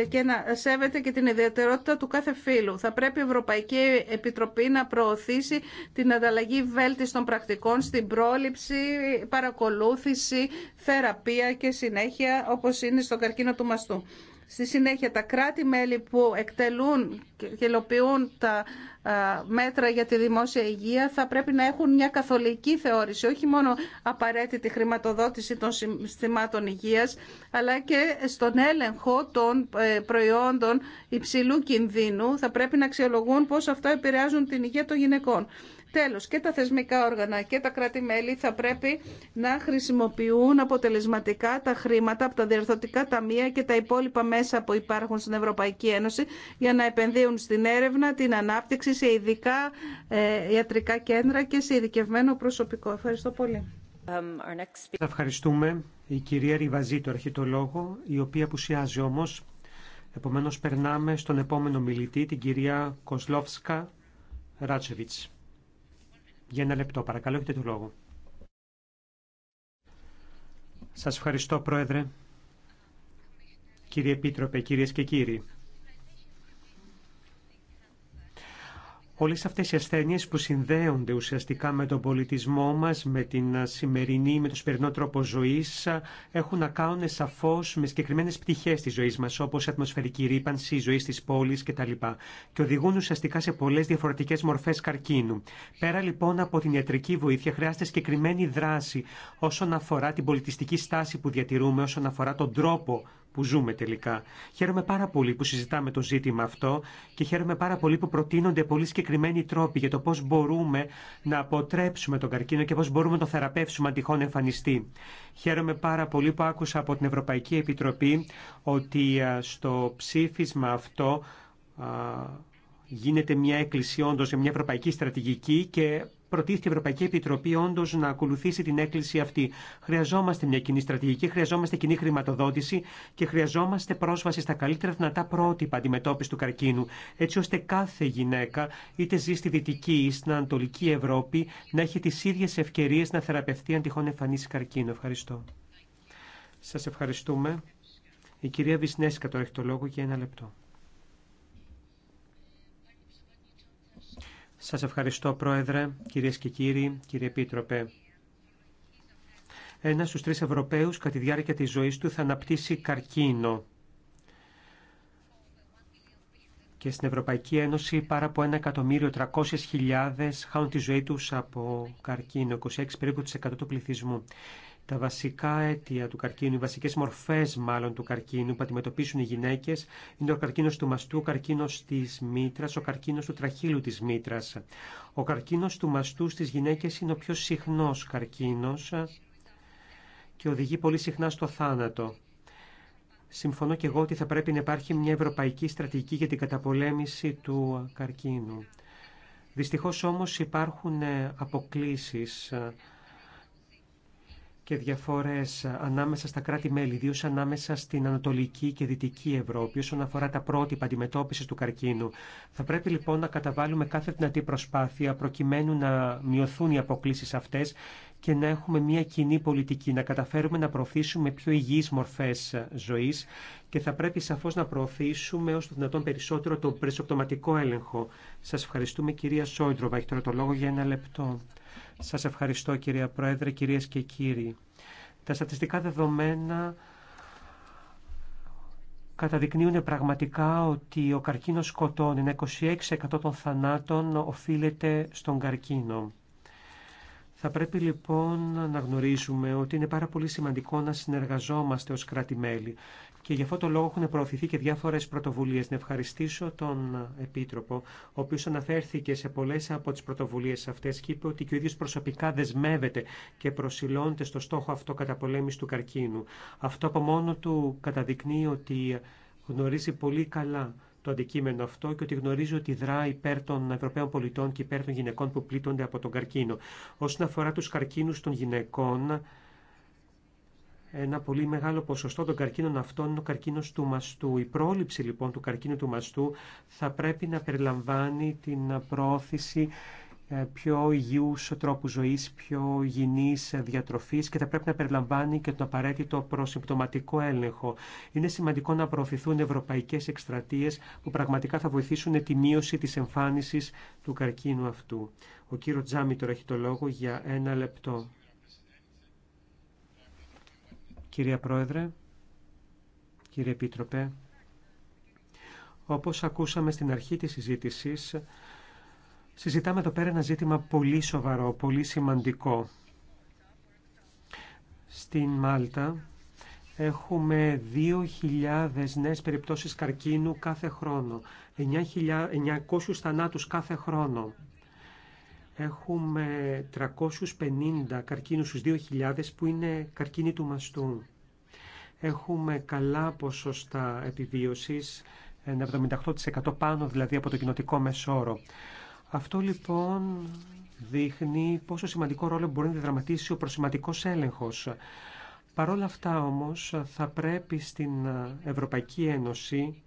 και να σέβεται και την ιδιαιτερότητα του κάθε φύλου. Θα πρέπει η Ευρωπαϊκή Επιτροπή να προωθήσει την ανταλλαγή βέλτιστων πρακτικών στην πρόληψη παρακολούθηση, θεραπεία και συνέχεια όπως είναι στο καρκίνο του μαστού. Στη συνέχεια τα κράτη-μέλη που εκτελούν και υλοποιούν τα μέτρα για τη δημόσια υγεία θα πρέπει να έχουν μια καθολική θεώρηση, όχι μόνο απαραίτητη χρηματοδότηση των συστημάτων υγείας, αλλά και στον έλεγχο των ε, προϊόντων υψηλού κινδύνου θα πρέπει να αξιολογούν πώς αυτά επηρεάζουν την υγεία των γυναικών. Τέλος, και τα θεσμικά όργανα και τα κράτη-μέλη θα πρέπει να χρησιμοποιούν αποτελεσματικά τα χρήματα από τα διορθωτικά ταμεία και τα υπόλοιπα μέσα που υπάρχουν στην Ευρωπαϊκή Ένωση για να επενδύουν στην έρευνα, την ανάπτυξη σε ειδικά ε, ιατρικά κέντρα και σε ειδικευμένο προσωπικό. Ευχαριστώ πολύ. Um, θα ευχαριστούμε. Η κυρία Ριβαζή το η οποία απουσιάζει όμω, Επομένως περνάμε στον επόμενο μιλητή, την κυρία Κοσλόφσκα Ράτσεβιτς. Για ένα λεπτό, παρακαλώ, έχετε το λόγο. Σας ευχαριστώ, Πρόεδρε. Κύριε Επίτροπε, κυρίες και κύριοι. Όλες αυτές οι ασθένειες που συνδέονται ουσιαστικά με τον πολιτισμό μας, με την σημερινή, με τον σημερινό τρόπο ζωής, έχουν να κάνουν σαφώς με συγκεκριμένε πτυχές της ζωής μας, όπως η ατμοσφαιρική ρήπανση, η ζωή της πόλης κτλ. Και οδηγούν ουσιαστικά σε πολλές διαφορετικές μορφές καρκίνου. Πέρα λοιπόν από την ιατρική βοήθεια χρειάζεται συγκεκριμένη δράση όσον αφορά την πολιτιστική στάση που διατηρούμε, όσον αφορά τον τρόπο που ζούμε τελικά. Χαίρομαι πάρα πολύ που συζητάμε το ζήτημα αυτό και χαίρομαι πάρα πολύ που προτείνονται πολύ συγκεκριμένοι τρόποι για το πώ μπορούμε να αποτρέψουμε τον καρκίνο και πώ μπορούμε να τον θεραπεύσουμε αν τυχόν εμφανιστεί. Χαίρομαι πάρα πολύ που άκουσα από την Ευρωπαϊκή Επιτροπή ότι ε, στο ψήφισμα αυτό ε, γίνεται μια έκκληση όντω σε μια ευρωπαϊκή στρατηγική και προτίθεται η Ευρωπαϊκή Επιτροπή όντω να ακολουθήσει την έκκληση αυτή. Χρειαζόμαστε μια κοινή στρατηγική, χρειαζόμαστε κοινή χρηματοδότηση και χρειαζόμαστε πρόσβαση στα καλύτερα δυνατά πρότυπα αντιμετώπιση του καρκίνου, έτσι ώστε κάθε γυναίκα, είτε ζει στη Δυτική ή στην Ανατολική Ευρώπη, να έχει τι ίδιε ευκαιρίε να θεραπευτεί αν τυχόν εμφανίσει καρκίνο. Ευχαριστώ. Σα ευχαριστούμε. Η κυρία Βυσνέσκα τώρα έχει το λόγο για ένα λεπτό. Σας ευχαριστώ Πρόεδρε, κυρίες και κύριοι, κύριε Επίτροπε. Ένα στους τρεις Ευρωπαίους κατά τη διάρκεια της ζωής του θα αναπτύσσει καρκίνο. Και στην Ευρωπαϊκή Ένωση πάρα από 1.300.000 χάνουν τη ζωή τους από καρκίνο, 26 περίπου του πληθυσμού τα βασικά αίτια του καρκίνου, οι βασικές μορφές μάλλον του καρκίνου που αντιμετωπίσουν οι γυναίκες είναι ο καρκίνος του μαστού, ο καρκίνος της μήτρας, ο καρκίνος του τραχύλου της μήτρας. Ο καρκίνος του μαστού στις γυναίκες είναι ο πιο συχνός καρκίνος και οδηγεί πολύ συχνά στο θάνατο. Συμφωνώ και εγώ ότι θα πρέπει να υπάρχει μια ευρωπαϊκή στρατηγική για την καταπολέμηση του καρκίνου. Δυστυχώς όμως υπάρχουν αποκλήσεις και διαφορές ανάμεσα στα κράτη-μέλη, ιδίω ανάμεσα στην Ανατολική και Δυτική Ευρώπη, όσον αφορά τα πρότυπα αντιμετώπιση του καρκίνου. Θα πρέπει λοιπόν να καταβάλουμε κάθε δυνατή προσπάθεια προκειμένου να μειωθούν οι αποκλήσει αυτέ και να έχουμε μια κοινή πολιτική, να καταφέρουμε να προωθήσουμε πιο υγιείς μορφέ ζωή και θα πρέπει σαφώ να προωθήσουμε ω το δυνατόν περισσότερο τον πρεσοπτωματικό έλεγχο. Σα ευχαριστούμε κυρία Σόιντροβα. Έχει τώρα το λόγο για ένα λεπτό. Σας ευχαριστώ κυρία Πρόεδρε, κυρίες και κύριοι. Τα στατιστικά δεδομένα καταδεικνύουν πραγματικά ότι ο καρκίνος σκοτών, 26% των θανάτων οφείλεται στον καρκίνο. Θα πρέπει λοιπόν να γνωρίζουμε ότι είναι πάρα πολύ σημαντικό να συνεργαζόμαστε ως κράτη-μέλη και γι' αυτό το λόγο έχουν προωθηθεί και διάφορες πρωτοβουλίες. Να ευχαριστήσω τον Επίτροπο, ο οποίος αναφέρθηκε σε πολλές από τις πρωτοβουλίες αυτές και είπε ότι και ο ίδιος προσωπικά δεσμεύεται και προσιλώνεται στο στόχο αυτό καταπολέμηση του καρκίνου. Αυτό από μόνο του καταδεικνύει ότι γνωρίζει πολύ καλά το αντικείμενο αυτό και ότι γνωρίζει ότι δρά υπέρ των Ευρωπαίων πολιτών και υπέρ των γυναικών που πλήττονται από τον καρκίνο. Όσον αφορά τους καρκίνους των γυναικών, ένα πολύ μεγάλο ποσοστό των καρκίνων αυτών είναι ο καρκίνο του μαστού. Η πρόληψη λοιπόν του καρκίνου του μαστού θα πρέπει να περιλαμβάνει την προώθηση ε, πιο υγιού τρόπου ζωή, πιο υγιεινή διατροφή και θα πρέπει να περιλαμβάνει και τον απαραίτητο προσυμπτωματικό έλεγχο. Είναι σημαντικό να προωθηθούν ευρωπαϊκέ εκστρατείε που πραγματικά θα βοηθήσουν τη μείωση τη εμφάνιση του καρκίνου αυτού. Ο κύριο Τζάμι τώρα έχει το λόγο για ένα λεπτό. Κυρία Πρόεδρε, κύριε Επίτροπε, όπως ακούσαμε στην αρχή της συζήτησης, συζητάμε εδώ πέρα ένα ζήτημα πολύ σοβαρό, πολύ σημαντικό. Στην Μάλτα έχουμε 2.000 νέες περιπτώσεις καρκίνου κάθε χρόνο, 900 θανάτους κάθε χρόνο έχουμε 350 καρκίνους στους 2.000 που είναι καρκίνοι του μαστού. Έχουμε καλά ποσοστά επιβίωσης, 78% πάνω δηλαδή από το κοινοτικό μεσόρο. Αυτό λοιπόν δείχνει πόσο σημαντικό ρόλο μπορεί να διδραματίσει ο προσηματικός έλεγχος. Παρ' όλα αυτά όμως θα πρέπει στην Ευρωπαϊκή Ένωση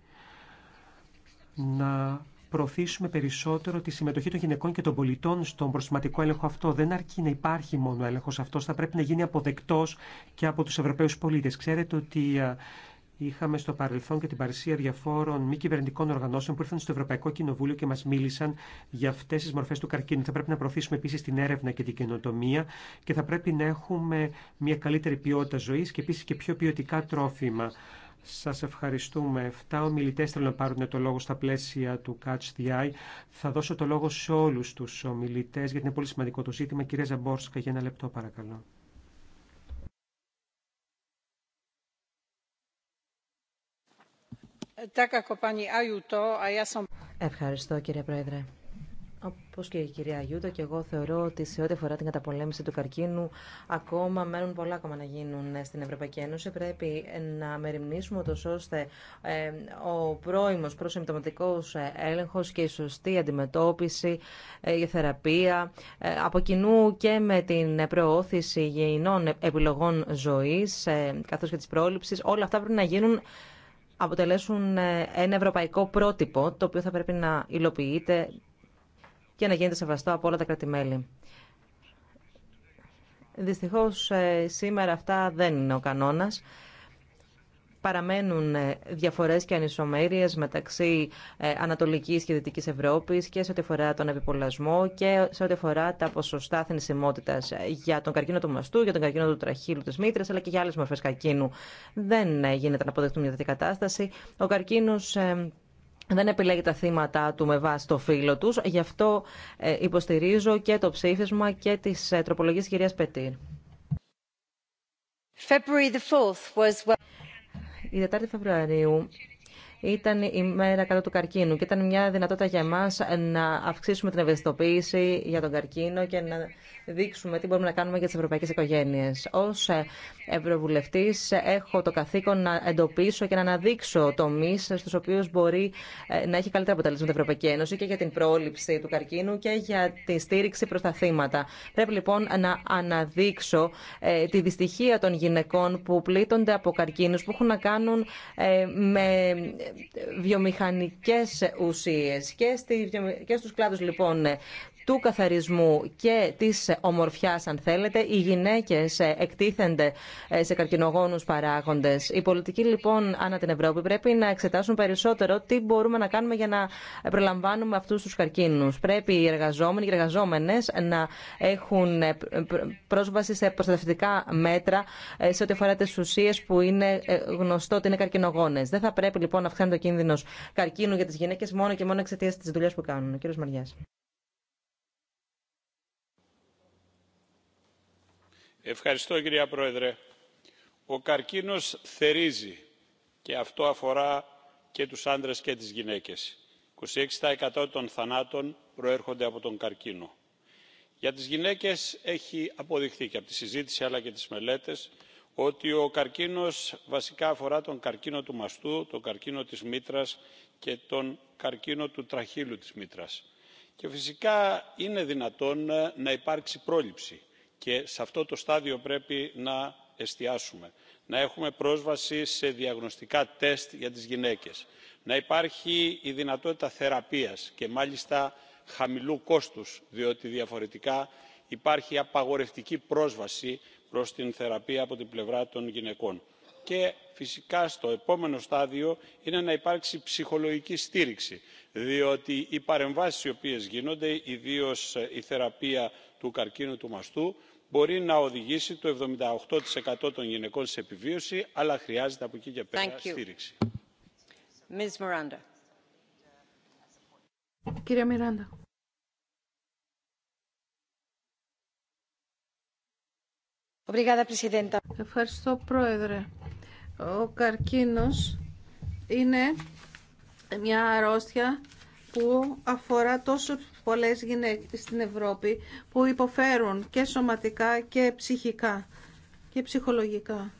να προωθήσουμε περισσότερο τη συμμετοχή των γυναικών και των πολιτών στον προσματικό έλεγχο αυτό. Δεν αρκεί να υπάρχει μόνο έλεγχο αυτό, θα πρέπει να γίνει αποδεκτό και από του Ευρωπαίου πολίτε. Ξέρετε ότι Είχαμε στο παρελθόν και την παρουσία διαφόρων μη κυβερνητικών οργανώσεων που ήρθαν στο Ευρωπαϊκό Κοινοβούλιο και μα μίλησαν για αυτέ τι μορφέ του καρκίνου. Θα πρέπει να προωθήσουμε επίση την έρευνα και την καινοτομία και θα πρέπει να έχουμε μια καλύτερη ποιότητα ζωή και επίση και πιο ποιοτικά τρόφιμα. Σας ευχαριστούμε. 7 ομιλητές θέλουν να πάρουν το λόγο στα πλαίσια του Catch the Eye. Θα δώσω το λόγο σε όλους τους ομιλητές, γιατί είναι πολύ σημαντικό το ζήτημα. Κυρία Ζαμπόρσκα, για ένα λεπτό παρακαλώ. Ε, Ευχαριστώ κύριε Πρόεδρε. Όπω και η κυρία Γιούτα και εγώ θεωρώ ότι σε ό,τι αφορά την καταπολέμηση του καρκίνου ακόμα μένουν πολλά ακόμα να γίνουν ε, στην Ευρωπαϊκή Ένωση. Πρέπει ε, να μεριμνήσουμε τόσο ώστε ε, ο πρώιμος προσυμπτωματικό έλεγχο και η σωστή αντιμετώπιση, η θεραπεία από κοινού και με την προώθηση γεϊνών επιλογών ζωής καθώ και τη πρόληψη, Όλα αυτά πρέπει να γίνουν αποτελέσουν ένα ευρωπαϊκό πρότυπο το οποίο θα πρέπει να υλοποιείται και να γίνεται σεβαστό από όλα τα κράτη-μέλη. Δυστυχώς ε, σήμερα αυτά δεν είναι ο κανόνας. Παραμένουν ε, διαφορές και ανισομέρειες μεταξύ ε, Ανατολικής και Δυτικής Ευρώπης και σε ό,τι αφορά τον επιπολασμό και σε ό,τι αφορά τα ποσοστά θνησιμότητας για τον καρκίνο του μαστού, για τον καρκίνο του τραχύλου της μήτρας, αλλά και για άλλες μορφές καρκίνου. Δεν γίνεται να αποδεχτούμε μια τέτοια κατάσταση. Ο καρκίνος δεν επιλέγει τα θύματα του με βάση το φύλλο τους. Γι' αυτό ε, υποστηρίζω και το ψήφισμα και τις ε, τροπολογίες της κυρίας Πετήρ. Η 4η Φεβρουαρίου ήταν η μέρα κατά του καρκίνου και ήταν μια δυνατότητα για εμάς να αυξήσουμε την ευαισθητοποίηση για τον καρκίνο και να δείξουμε τι μπορούμε να κάνουμε για τι ευρωπαϊκέ οικογένειε. Ω ε, ευρωβουλευτή, έχω το καθήκον να εντοπίσω και να αναδείξω τομεί στους οποίου μπορεί ε, να έχει καλύτερα αποτελέσματα η Ευρωπαϊκή Ένωση και για την πρόληψη του καρκίνου και για τη στήριξη προ τα θύματα. Πρέπει λοιπόν να αναδείξω ε, τη δυστυχία των γυναικών που πλήττονται από καρκίνους που έχουν να κάνουν με βιομηχανικέ ουσίε και, στη, και στους κλάδους λοιπόν του καθαρισμού και τη ομορφιά, αν θέλετε, οι γυναίκε ε, εκτίθενται ε, σε καρκινογόνους παράγοντε. Οι πολιτικοί, λοιπόν, ανά την Ευρώπη πρέπει να εξετάσουν περισσότερο τι μπορούμε να κάνουμε για να προλαμβάνουμε αυτού του καρκίνου. Πρέπει οι εργαζόμενοι και οι εργαζόμενε να έχουν ε, πρόσβαση σε προστατευτικά μέτρα σε ό,τι αφορά τι ουσίε που είναι γνωστό ότι είναι καρκινογόνες. Δεν θα πρέπει, λοιπόν, να αυξάνεται ο κίνδυνο καρκίνου για τι γυναίκε, μόνο και μόνο εξαιτία τη δουλειά που κάνουν. Ο Μαριά. Ευχαριστώ κυρία Πρόεδρε. Ο καρκίνος θερίζει και αυτό αφορά και τους άντρες και τις γυναίκες. 26% των θανάτων προέρχονται από τον καρκίνο. Για τις γυναίκες έχει αποδειχθεί και από τη συζήτηση αλλά και τις μελέτες ότι ο καρκίνος βασικά αφορά τον καρκίνο του μαστού, τον καρκίνο της μήτρας και τον καρκίνο του τραχύλου της μήτρας. Και φυσικά είναι δυνατόν να υπάρξει πρόληψη και σε αυτό το στάδιο πρέπει να εστιάσουμε να έχουμε πρόσβαση σε διαγνωστικά τεστ για τις γυναίκες να υπάρχει η δυνατότητα θεραπείας και μάλιστα χαμηλού κόστους διότι διαφορετικά υπάρχει απαγορευτική πρόσβαση προς την θεραπεία από την πλευρά των γυναικών και φυσικά στο επόμενο στάδιο είναι να υπάρξει ψυχολογική στήριξη διότι οι παρεμβάσεις οι οποίες γίνονται ιδίως η θεραπεία του καρκίνου του μαστού μπορεί να οδηγήσει το 78% των γυναικών σε επιβίωση αλλά χρειάζεται από εκεί και πέρα στήριξη. Ευχαριστώ, Πρόεδρε. Ο καρκίνος είναι μια αρρώστια που αφορά τόσο πολλές γυναίκες στην Ευρώπη που υποφέρουν και σωματικά και ψυχικά και ψυχολογικά.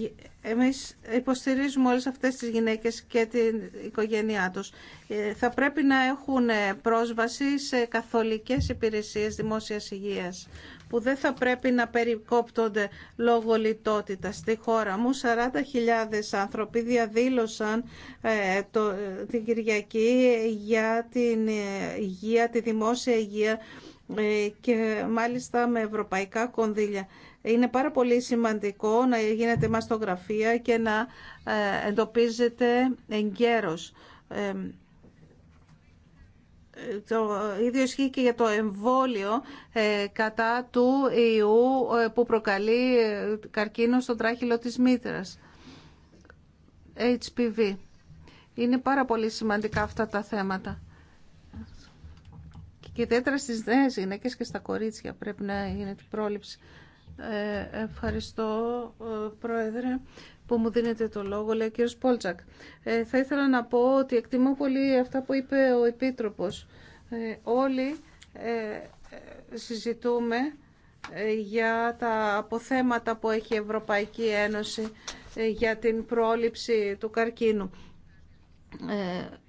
Ε, εμείς υποστηρίζουμε όλες αυτές τις γυναίκες και την οικογένειά τους. Ε, θα πρέπει να έχουν πρόσβαση σε καθολικές υπηρεσίες δημόσιας υγείας που δεν θα πρέπει να περικόπτονται λόγω λιτότητα. Στη χώρα μου 40.000 άνθρωποι διαδήλωσαν ε, το, την Κυριακή για την ε, υγεία, τη δημόσια υγεία ε, και μάλιστα με ευρωπαϊκά κονδύλια. Είναι πάρα πολύ σημαντικό να γίνεται μαστογραφία και να εντοπίζεται εγκαίρως το ίδιο ισχύει και για το εμβόλιο ε, κατά του ιού ε, που προκαλεί ε, καρκίνο στον τράχυλο της μήτρας. HPV. Είναι πάρα πολύ σημαντικά αυτά τα θέματα. Και τέτρα στις νέες γυναίκες και στα κορίτσια πρέπει να γίνεται πρόληψη. Ε, ευχαριστώ, Πρόεδρε που μου δίνετε το λόγο, λέει ο κύριος Πόλτσακ. Ε, θα ήθελα να πω ότι εκτιμώ πολύ αυτά που είπε ο Επίτροπος. Ε, όλοι ε, συζητούμε για τα αποθέματα που έχει η Ευρωπαϊκή Ένωση για την πρόληψη του καρκίνου.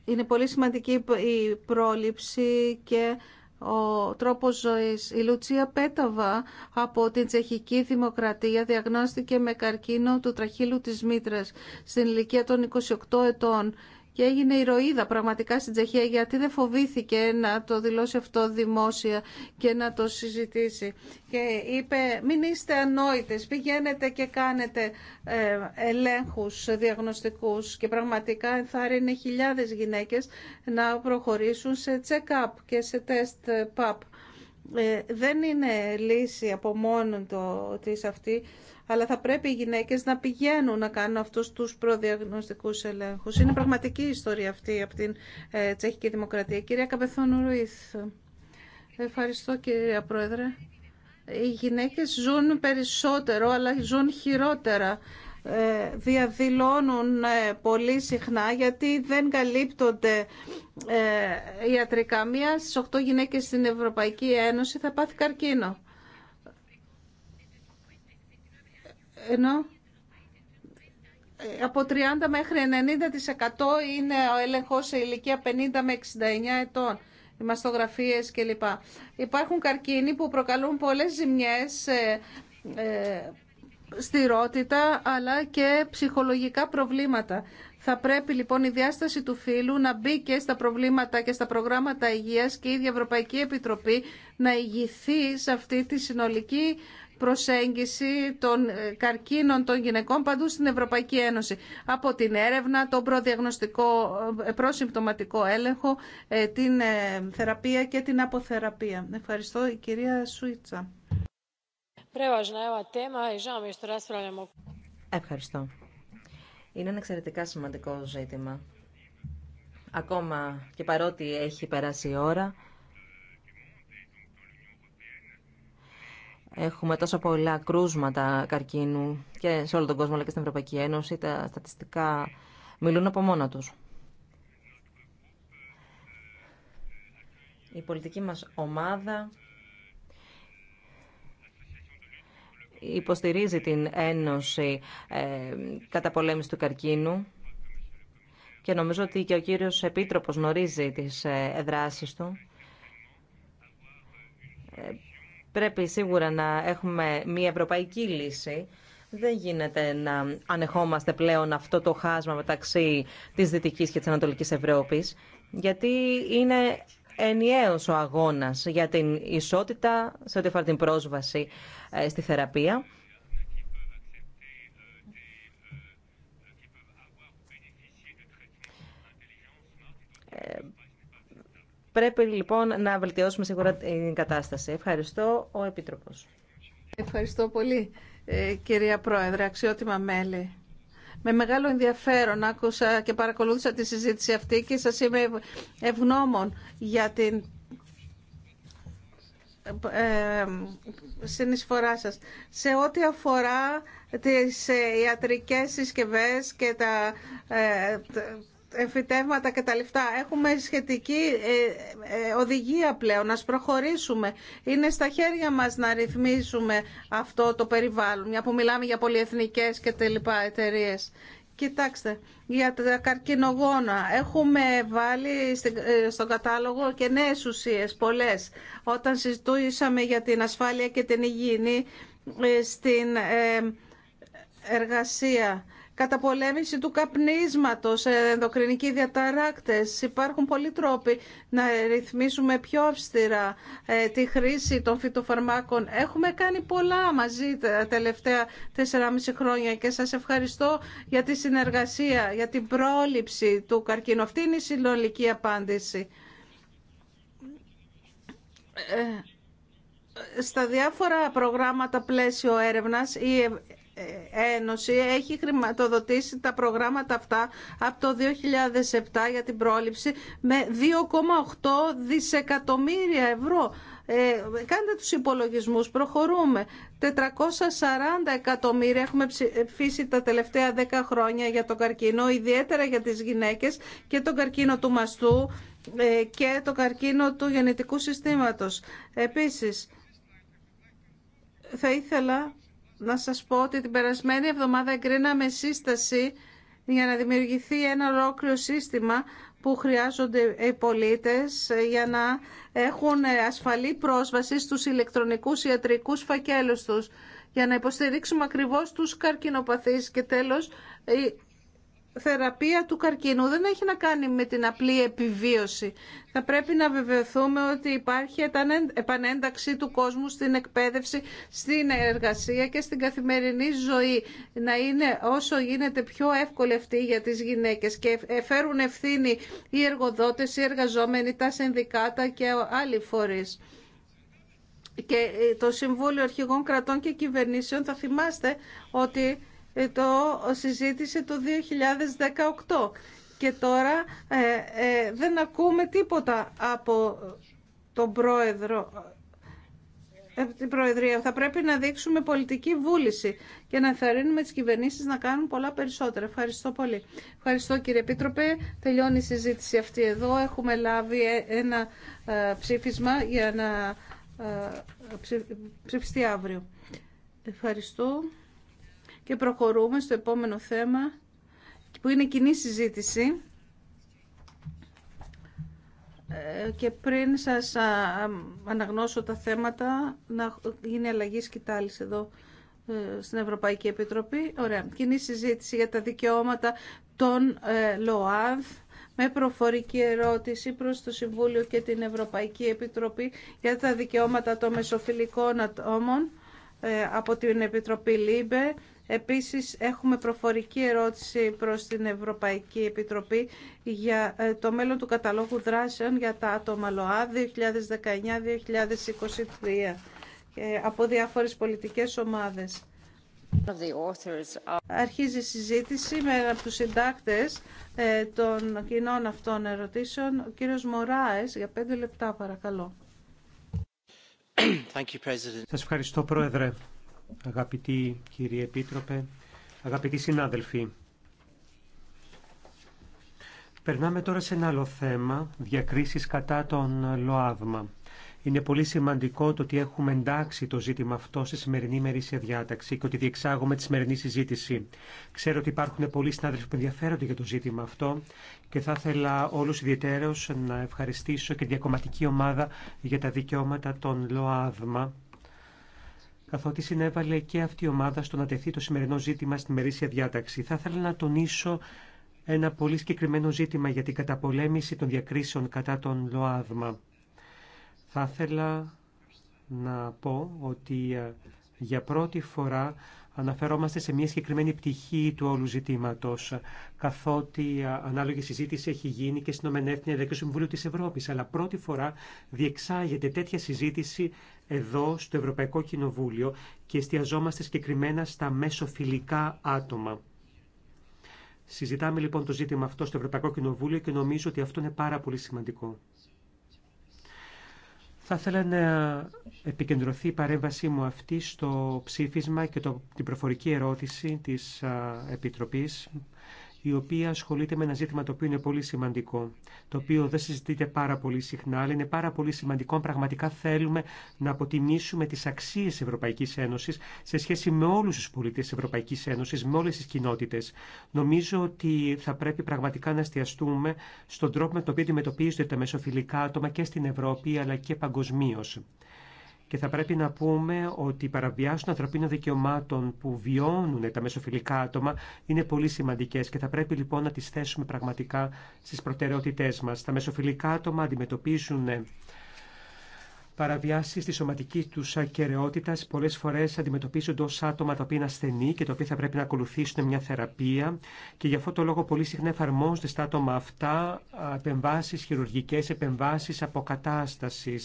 Είναι πολύ σημαντική η πρόληψη και ο τρόπος ζωής. Η Λουτσία Πέταβα από την Τσεχική Δημοκρατία διαγνώστηκε με καρκίνο του τραχύλου της μήτρας στην ηλικία των 28 ετών και έγινε ηρωίδα πραγματικά στην Τσεχία γιατί δεν φοβήθηκε να το δηλώσει αυτό δημόσια και να το συζητήσει. Και είπε μην είστε ανόητες, πηγαίνετε και κάνετε ε, ελέγχους διαγνωστικούς και πραγματικά ενθάρρυνε χιλιάδες γυναίκες να προχωρήσουν σε check-up και σε τεστ PAP. Ε, δεν είναι λύση από μόνο το της αυτή αλλά θα πρέπει οι γυναίκες να πηγαίνουν να κάνουν αυτούς τους προδιαγνωστικούς ελέγχους. Είναι πραγματική η ιστορία αυτή από την ε, Τσεχική Δημοκρατία. Κυρία Καπεθόνου Ρουίθ, ευχαριστώ κυρία Πρόεδρε. Οι γυναίκες ζουν περισσότερο, αλλά ζουν χειρότερα ε, διαδηλώνουν ε, πολύ συχνά γιατί δεν καλύπτονται ιατρικά. Μία στις 8 γυναίκες στην Ευρωπαϊκή Ένωση θα πάθει καρκίνο. ενώ ε, από 30 μέχρι 90% είναι ο έλεγχος σε ηλικία 50 με 69 ετών οι μαστογραφίες κλπ. Υπάρχουν καρκίνοι που προκαλούν πολλές ζημιές, ε, ε, στηρότητα αλλά και ψυχολογικά προβλήματα. Θα πρέπει λοιπόν η διάσταση του φύλου να μπει και στα προβλήματα και στα προγράμματα υγείας και η ίδια Ευρωπαϊκή Επιτροπή να ηγηθεί σε αυτή τη συνολική προσέγγιση των ε, καρκίνων των γυναικών παντού στην Ευρωπαϊκή Ένωση. Από την έρευνα, τον προδιαγνωστικό ε, προσυμπτωματικό έλεγχο, ε, την θεραπεία και την αποθεραπεία. Ευχαριστώ η κυρία Σουίτσα. Ευχαριστώ. Είναι ένα εξαιρετικά σημαντικό ζήτημα. Ακόμα και παρότι έχει περάσει η ώρα, Έχουμε τόσο πολλά κρούσματα καρκίνου και σε όλο τον κόσμο αλλά και στην Ευρωπαϊκή Ένωση. Τα στατιστικά μιλούν από μόνα τους. Η πολιτική μας ομάδα υποστηρίζει την Ένωση ε, κατά πολέμηση του καρκίνου και νομίζω ότι και ο κύριος Επίτροπος γνωρίζει τις ε, του. Ε, πρέπει σίγουρα να έχουμε μια ευρωπαϊκή λύση. Δεν γίνεται να ανεχόμαστε πλέον αυτό το χάσμα μεταξύ της Δυτικής και της Ανατολικής Ευρώπης, γιατί είναι ενιαίος ο αγώνας για την ισότητα σε ό,τι αφορά την πρόσβαση ε, στη θεραπεία. Ε, Πρέπει λοιπόν να βελτιώσουμε σίγουρα την κατάσταση. Ευχαριστώ, ο Επίτροπος. Ευχαριστώ πολύ, ε, κυρία Πρόεδρε, αξιότιμα μέλη. Με μεγάλο ενδιαφέρον άκουσα και παρακολούθησα τη συζήτηση αυτή και σας είμαι ευγνώμων για την ε, συνεισφορά σας. Σε ό,τι αφορά τις ε, ιατρικές συσκευές και τα εμφυτεύματα και τα λεφτά. Έχουμε σχετική ε, ε, οδηγία πλέον, να προχωρήσουμε. Είναι στα χέρια μας να ρυθμίσουμε αυτό το περιβάλλον, μια που μιλάμε για πολυεθνικές και τελικά εταιρείε. Κοιτάξτε, για τα καρκινογόνα έχουμε βάλει ε, στον κατάλογο και νέες ουσίες, πολλές. Όταν συζητούσαμε για την ασφάλεια και την υγιεινή στην εργασία καταπολέμηση του καπνίσματος, ε, ενδοκρινικοί διαταράκτες. Υπάρχουν πολλοί τρόποι να ρυθμίσουμε πιο αυστηρά ε, τη χρήση των φυτοφαρμάκων. Έχουμε κάνει πολλά μαζί τα τελευταία 4,5 χρόνια και σας ευχαριστώ για τη συνεργασία, για την πρόληψη του καρκίνου. Αυτή είναι η συλλογική απάντηση ε, στα διάφορα προγράμματα πλαίσιο έρευνας η Ένωση έχει χρηματοδοτήσει τα προγράμματα αυτά από το 2007 για την πρόληψη με 2,8 δισεκατομμύρια ευρώ. Ε, κάντε τους υπολογισμούς, προχωρούμε. 440 εκατομμύρια έχουμε ψηφίσει τα τελευταία 10 χρόνια για τον καρκίνο, ιδιαίτερα για τις γυναίκες και τον καρκίνο του μαστού ε, και τον καρκίνο του γεννητικού συστήματος. Επίσης, θα ήθελα να σας πω ότι την περασμένη εβδομάδα εγκρίναμε σύσταση για να δημιουργηθεί ένα ολόκληρο σύστημα που χρειάζονται οι πολίτες για να έχουν ασφαλή πρόσβαση στους ηλεκτρονικούς ιατρικούς φακέλους τους για να υποστηρίξουμε ακριβώς τους καρκινοπαθείς και τέλος θεραπεία του καρκίνου δεν έχει να κάνει με την απλή επιβίωση. Θα πρέπει να βεβαιωθούμε ότι υπάρχει επανένταξη του κόσμου στην εκπαίδευση, στην εργασία και στην καθημερινή ζωή. Να είναι όσο γίνεται πιο εύκολη αυτή για τις γυναίκες και ε, φέρουν ευθύνη οι εργοδότες, οι εργαζόμενοι, τα συνδικάτα και άλλοι φορείς. Και ε, το Συμβούλιο Αρχηγών Κρατών και Κυβερνήσεων θα θυμάστε ότι ε, το συζήτησε το 2018 και τώρα ε, ε, δεν ακούμε τίποτα από τον πρόεδρο ε, την Προεδρία. Θα πρέπει να δείξουμε πολιτική βούληση και να ενθαρρύνουμε τις κυβερνήσεις να κάνουν πολλά περισσότερα. Ευχαριστώ πολύ. Ευχαριστώ κύριε Επίτροπε. Τελειώνει η συζήτηση αυτή εδώ. Έχουμε λάβει ένα ψήφισμα για να ψηφιστεί αύριο. Ευχαριστώ. Και προχωρούμε στο επόμενο θέμα που είναι κοινή συζήτηση. Ε, και πριν σας αναγνώσω τα θέματα, να γίνει αλλαγή σκητάλης εδώ ε, στην Ευρωπαϊκή Επιτροπή. Ωραία. Κοινή συζήτηση για τα δικαιώματα των ε, ΛΟΑΔ με προφορική ερώτηση προς το Συμβούλιο και την Ευρωπαϊκή Επιτροπή για τα δικαιώματα των μεσοφιλικών ατόμων από την Επιτροπή ΛΥΜΠΕ Επίσης έχουμε προφορική ερώτηση προς την Ευρωπαϊκή Επιτροπή για ε, το μέλλον του καταλόγου δράσεων για τα άτομα ΛΟΑ 2019-2023 ε, από διάφορες πολιτικές ομάδες. Αρχίζει η συζήτηση με από τους συντάκτες ε, των κοινών αυτών ερωτήσεων. Ο κύριος Μωράες, για πέντε λεπτά παρακαλώ. Σας ευχαριστώ, Πρόεδρε. Αγαπητοί κύριε Επίτροπε, αγαπητοί συνάδελφοι. Περνάμε τώρα σε ένα άλλο θέμα, διακρίσεις κατά τον ΛΟΑΔΜΑ. Είναι πολύ σημαντικό το ότι έχουμε εντάξει το ζήτημα αυτό στη σημερινή ημερήσια διάταξη και ότι διεξάγουμε τη σημερινή συζήτηση. Ξέρω ότι υπάρχουν πολλοί συνάδελφοι που ενδιαφέρονται για το ζήτημα αυτό και θα ήθελα όλου ιδιαίτερω να ευχαριστήσω και την διακομματική ομάδα για τα δικαιώματα των ΛΟΑΔΜΑ καθότι συνέβαλε και αυτή η ομάδα στο να τεθεί το σημερινό ζήτημα στην μερίσια διάταξη. Θα ήθελα να τονίσω ένα πολύ συγκεκριμένο ζήτημα για την καταπολέμηση των διακρίσεων κατά τον ΛΟΑΔΜΑ. Θα ήθελα να πω ότι ε, για πρώτη φορά αναφερόμαστε σε μια συγκεκριμένη πτυχή του όλου ζητήματος, καθότι ε, ανάλογη συζήτηση έχει γίνει και στην ΟΕΕ δηλαδή της Ευρώπης, αλλά πρώτη φορά διεξάγεται τέτοια συζήτηση εδώ στο Ευρωπαϊκό Κοινοβούλιο και εστιαζόμαστε συγκεκριμένα στα μεσοφιλικά άτομα. Συζητάμε λοιπόν το ζήτημα αυτό στο Ευρωπαϊκό Κοινοβούλιο και νομίζω ότι αυτό είναι πάρα πολύ σημαντικό. Θα ήθελα να επικεντρωθεί η παρέμβασή μου αυτή στο ψήφισμα και το, την προφορική ερώτηση της α, Επιτροπής η οποία ασχολείται με ένα ζήτημα το οποίο είναι πολύ σημαντικό, το οποίο δεν συζητείται πάρα πολύ συχνά, αλλά είναι πάρα πολύ σημαντικό πραγματικά θέλουμε να αποτιμήσουμε τις αξίες Ευρωπαϊκή Ένωση σε σχέση με όλου του πολίτε της Ευρωπαϊκής Ένωσης, με όλε τι κοινότητε. Νομίζω ότι θα πρέπει πραγματικά να εστιαστούμε στον τρόπο με τον οποίο αντιμετωπίζονται τα μεσοφιλικά άτομα και στην Ευρώπη αλλά και παγκοσμίω και θα πρέπει να πούμε ότι οι παραβιάσεις των ανθρωπίνων δικαιωμάτων που βιώνουν τα μεσοφιλικά άτομα είναι πολύ σημαντικές και θα πρέπει λοιπόν να τις θέσουμε πραγματικά στις προτεραιότητές μας. Τα μεσοφιλικά άτομα αντιμετωπίζουν παραβιάσεις τη σωματική του ακαιρεότητα. Πολλέ φορέ αντιμετωπίζονται ως άτομα τα οποία είναι ασθενή και τα οποία θα πρέπει να ακολουθήσουν μια θεραπεία και γι' αυτό το λόγο πολύ συχνά εφαρμόζονται στα άτομα αυτά επεμβάσει χειρουργικέ, επεμβάσεις αποκατάσταση.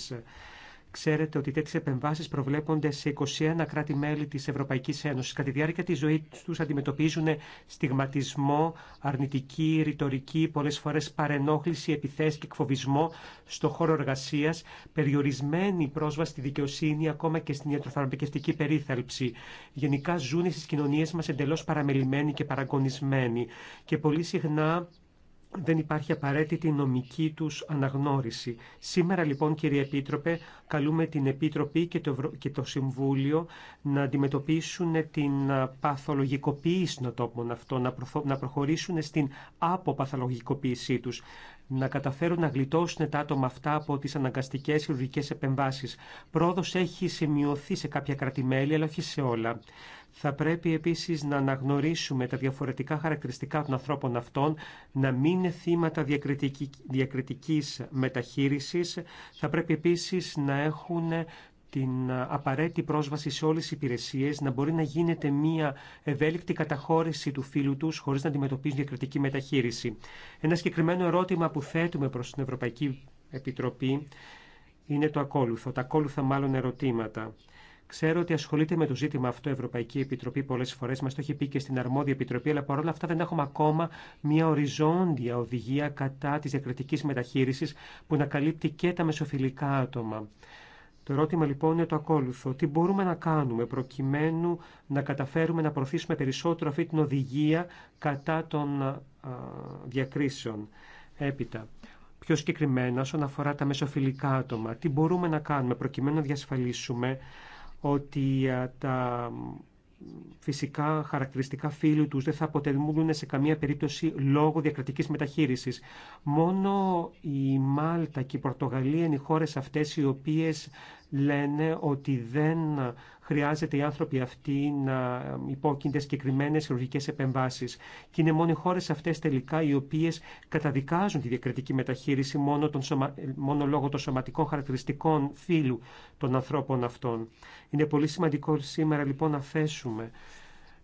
Ξέρετε ότι τέτοιε επεμβάσει προβλέπονται σε 21 κράτη-μέλη τη Ευρωπαϊκή Ένωση. Κατά τη διάρκεια τη ζωή του αντιμετωπίζουν στιγματισμό, αρνητική ρητορική, πολλέ φορέ παρενόχληση, επιθέσει και εκφοβισμό στο χώρο εργασία, περιορισμένη πρόσβαση στη δικαιοσύνη, ακόμα και στην ιατροφαρμακευτική περίθαλψη. Γενικά ζουν στι κοινωνίε μα εντελώ παραμελημένοι και παραγωνισμένοι. Και πολύ συχνά δεν υπάρχει απαραίτητη νομική τους αναγνώριση. Σήμερα λοιπόν κύριε Επίτροπε καλούμε την Επίτροπη και το, και Συμβούλιο να αντιμετωπίσουν την παθολογικοποίηση των τόπων αυτών, να, προχωρήσουν στην αποπαθολογικοποίησή τους να καταφέρουν να γλιτώσουν τα άτομα αυτά από τι αναγκαστικέ χειρουργικέ επεμβάσει. Πρόοδο έχει σημειωθεί σε κάποια κρατημέλη, αλλά όχι σε όλα. Θα πρέπει επίση να αναγνωρίσουμε τα διαφορετικά χαρακτηριστικά των ανθρώπων αυτών, να μην είναι θύματα διακριτική μεταχείρισης. Θα πρέπει επίση να έχουν την ε, απαραίτητη πρόσβαση σε όλες τις υπηρεσίες, να μπορεί να γίνεται μια ευέλικτη καταχώρηση του φίλου τους χωρίς να αντιμετωπίζουν διακριτική μεταχείριση. Ένα συγκεκριμένο ερώτημα που θέτουμε προς την Ευρωπαϊκή Επιτροπή είναι το ακόλουθο, τα ακόλουθα μάλλον ερωτήματα. Ξέρω ότι ασχολείται με το ζήτημα αυτό η Ευρωπαϊκή Επιτροπή πολλέ φορέ, μα το έχει πει και στην αρμόδια Επιτροπή, αλλά παρόλα αυτά δεν έχουμε ακόμα μια οριζόντια οδηγία κατά τη διακριτική μεταχείριση που να καλύπτει και τα μεσοφιλικά άτομα. Το ερώτημα λοιπόν είναι το ακόλουθο. Τι μπορούμε να κάνουμε προκειμένου να καταφέρουμε να προωθήσουμε περισσότερο αυτή την οδηγία κατά των διακρίσεων. Έπειτα, πιο συγκεκριμένα όσον αφορά τα μεσοφιλικά άτομα, τι μπορούμε να κάνουμε προκειμένου να διασφαλίσουμε ότι τα φυσικά χαρακτηριστικά φίλου τους δεν θα αποτελούν σε καμία περίπτωση λόγο διακρατικής μεταχείρισης. Μόνο η Μάλτα και η Πορτογαλία είναι οι χώρες αυτές οι οποίες λένε ότι δεν χρειάζεται οι άνθρωποι αυτοί να υπόκεινται συγκεκριμένε χειρουργικέ επεμβάσει. Και είναι μόνο οι χώρε αυτέ τελικά οι οποίε καταδικάζουν τη διακριτική μεταχείριση μόνο, τον μόνο λόγω των σωματικών χαρακτηριστικών φύλου των ανθρώπων αυτών. Είναι πολύ σημαντικό σήμερα λοιπόν να θέσουμε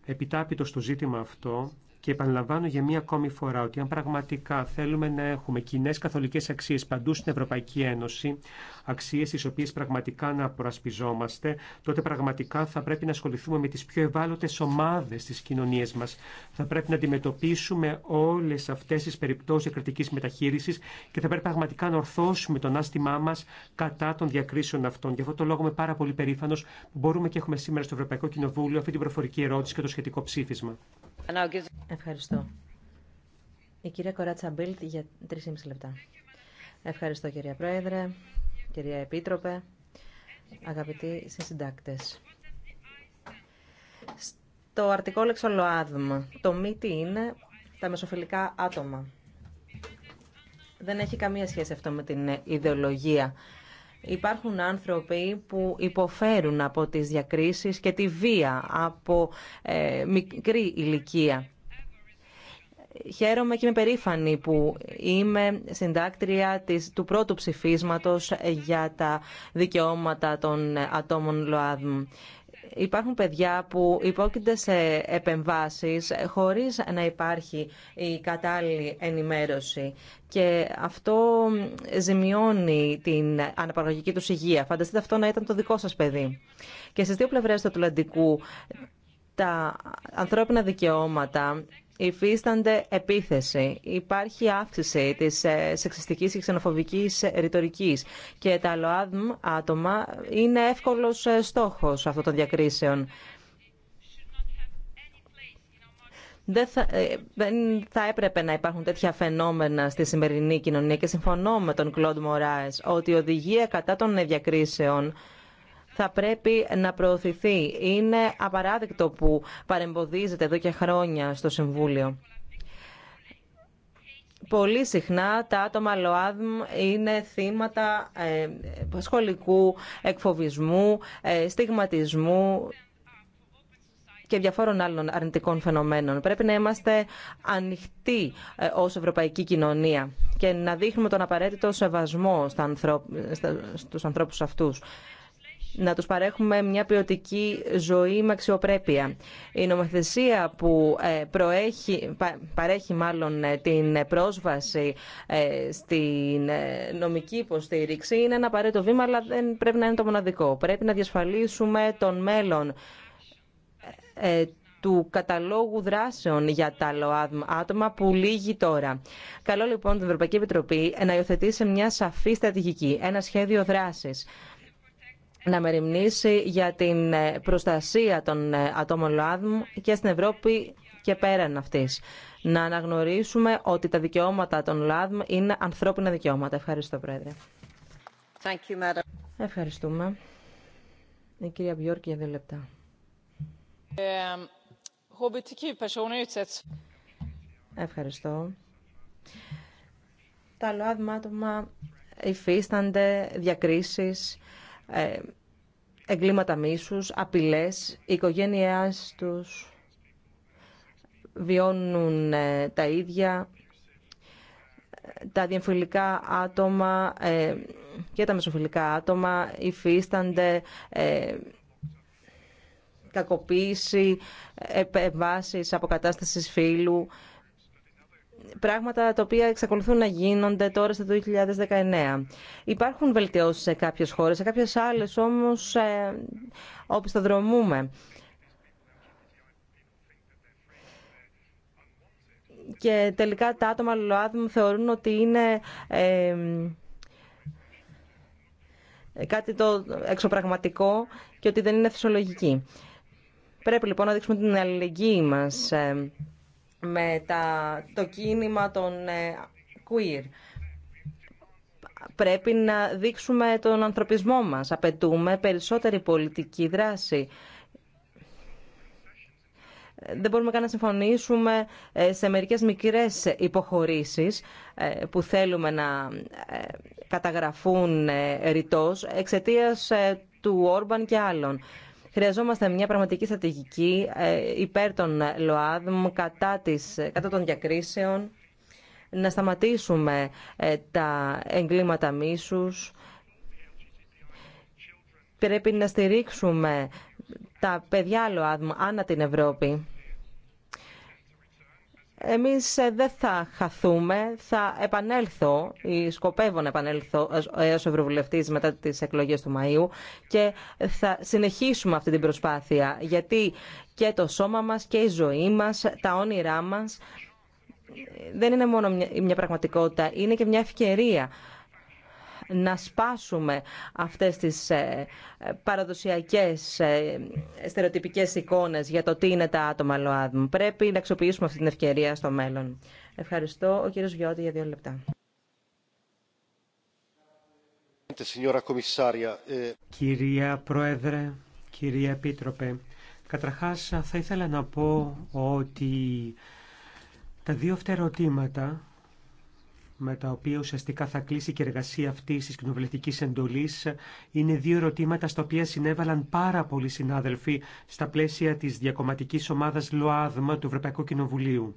επιτάπητο στο ζήτημα αυτό και επαναλαμβάνω για μία ακόμη φορά ότι αν πραγματικά θέλουμε να έχουμε κοινέ καθολικέ αξίε παντού στην Ευρωπαϊκή Ένωση, αξίε τις οποίε πραγματικά να προασπιζόμαστε, τότε πραγματικά θα πρέπει να ασχοληθούμε με τι πιο ευάλωτε ομάδε τη κοινωνία μα. Θα πρέπει να αντιμετωπίσουμε όλε αυτέ τι περιπτώσει εκκριτική μεταχείρισης και θα πρέπει πραγματικά να ορθώσουμε τον άστημά μα κατά των διακρίσεων αυτών. Γι' αυτό το λόγο είμαι πάρα πολύ περήφανο που μπορούμε και έχουμε σήμερα στο Ευρωπαϊκό Κοινοβούλιο αυτή την προφορική ερώτηση και το σχετικό ψήφισμα. Ευχαριστώ. Η κυρία Κοράτσα Μπίλτ για 3,5 λεπτά. Ευχαριστώ κυρία Πρόεδρε, κυρία Επίτροπε, αγαπητοί συντάκτες. Στο αρτικό λεξολοάδμα, το μη είναι τα μεσοφιλικά άτομα. Δεν έχει καμία σχέση αυτό με την ιδεολογία Υπάρχουν άνθρωποι που υποφέρουν από τις διακρίσεις και τη βία από ε, μικρή ηλικία. Χαίρομαι και είμαι περήφανη που είμαι συντάκτρια της, του πρώτου ψηφίσματος για τα δικαιώματα των ατόμων ΛΟΑΔΜ υπάρχουν παιδιά που υπόκεινται σε επεμβάσεις χωρίς να υπάρχει η κατάλληλη ενημέρωση και αυτό ζημιώνει την αναπαραγωγική του υγεία. Φανταστείτε αυτό να ήταν το δικό σας παιδί. Και στις δύο πλευρές του Ατλαντικού τα ανθρώπινα δικαιώματα υφίστανται επίθεση. Υπάρχει αύξηση της ε, σεξιστική και ξενοφοβική ρητορική και τα ΛΟΑΔΜ άτομα είναι εύκολος ε, στόχος αυτών των διακρίσεων. Δεν θα, ε, δεν έπρεπε να υπάρχουν τέτοια φαινόμενα στη σημερινή κοινωνία και συμφωνώ με τον Κλοντ Μωράες ότι η οδηγία κατά των διακρίσεων θα πρέπει να προωθηθεί. Είναι απαράδεκτο που παρεμποδίζεται εδώ και χρόνια στο Συμβούλιο. Πολύ συχνά τα άτομα ΛΟΑΔΜ είναι θύματα ε, σχολικού εκφοβισμού, ε, στιγματισμού και διαφόρων άλλων αρνητικών φαινομένων. Πρέπει να είμαστε ανοιχτοί ε, ως ευρωπαϊκή κοινωνία και να δείχνουμε τον απαραίτητο σεβασμό στους ανθρώπους αυτούς να τους παρέχουμε μια ποιοτική ζωή με αξιοπρέπεια. Η νομοθεσία που ε, προέχει, παρέχει μάλλον ε, την πρόσβαση ε, στην νομική υποστήριξη είναι ένα απαραίτητο βήμα, αλλά δεν πρέπει να είναι το μοναδικό. Πρέπει να διασφαλίσουμε τον μέλλον του καταλόγου δράσεων για τα άτομα που λύγει τώρα. Καλό λοιπόν την Ευρωπαϊκή Επιτροπή να υιοθετήσει μια σαφή στρατηγική, ένα σχέδιο δράσης να μεριμνήσει για την ε, προστασία των ε, ατόμων ΛΟΑΔΜ και στην Ευρώπη και πέραν αυτής. Να αναγνωρίσουμε ότι τα δικαιώματα των ΛΟΑΔΜ είναι ανθρώπινα δικαιώματα. Ευχαριστώ, Πρόεδρε. Thank you, Madam. Ευχαριστούμε. Η κυρία Μπιόρκη για δύο λεπτά. Ε, Ευχαριστώ. Τα ΛΟΑΔΜ άτομα υφίστανται διακρίσεις ε, εγκλήματα μίσους, απειλές, οι οικογένειές τους βιώνουν ε, τα ίδια, τα διεμφυλικά άτομα ε, και τα μεσοφυλικά άτομα υφίστανται κακοποίηση, επεμβάσεις αποκατάστασης φύλου πράγματα τα οποία εξακολουθούν να γίνονται τώρα στο 2019. Υπάρχουν βελτιώσεις σε κάποιες χώρες, σε κάποιες άλλες όμως ε, δρομούμε Και τελικά τα άτομα μου θεωρούν ότι είναι... Ε, κάτι το εξωπραγματικό και ότι δεν είναι φυσιολογική. Πρέπει λοιπόν να δείξουμε την αλληλεγγύη μας ε, με τα, το κίνημα των ε, queer. Πρέπει να δείξουμε τον ανθρωπισμό μας. Απαιτούμε περισσότερη πολιτική δράση. Δεν μπορούμε καν να συμφωνήσουμε ε, σε μερικές μικρές υποχωρήσεις ε, που θέλουμε να καταγραφούν ρητός εξαιτίας του Όρμπαν και άλλων. Χρειαζόμαστε μια πραγματική στρατηγική ε, υπέρ των ΛΟΑΔΜ, κατά, κατά των διακρίσεων, να σταματήσουμε ε, τα εγκλήματα μίσους, πρέπει να στηρίξουμε τα παιδιά ΛΟΑΔΜ ανά την Ευρώπη. Εμείς ε, δεν θα χαθούμε, θα επανέλθω ή σκοπεύω να επανέλθω ως Ευρωβουλευτής μετά τις εκλογές του Μαΐου και θα συνεχίσουμε αυτή την προσπάθεια γιατί και το σώμα μας και η ζωή μας, τα όνειρά μας δεν είναι μόνο μια πραγματικότητα, είναι και μια ευκαιρία να σπάσουμε αυτές τις ε, παραδοσιακές ε, στερεοτυπικές εικόνες για το τι είναι τα άτομα ΛΟΑΔΜ. Πρέπει να αξιοποιήσουμε αυτή την ευκαιρία στο μέλλον. Ευχαριστώ. Ο κύριος Βιώτη για δύο λεπτά. Ε, κυρία Πρόεδρε, κυρία Επίτροπε, καταρχάς θα ήθελα να πω ότι τα δύο φτερωτήματα με τα οποία ουσιαστικά θα κλείσει και η εργασία αυτή τη κοινοβουλευτική εντολή, είναι δύο ερωτήματα στα οποία συνέβαλαν πάρα πολλοί συνάδελφοι στα πλαίσια τη διακομματική ομάδα ΛΟΑΔΜΑ του Ευρωπαϊκού Κοινοβουλίου.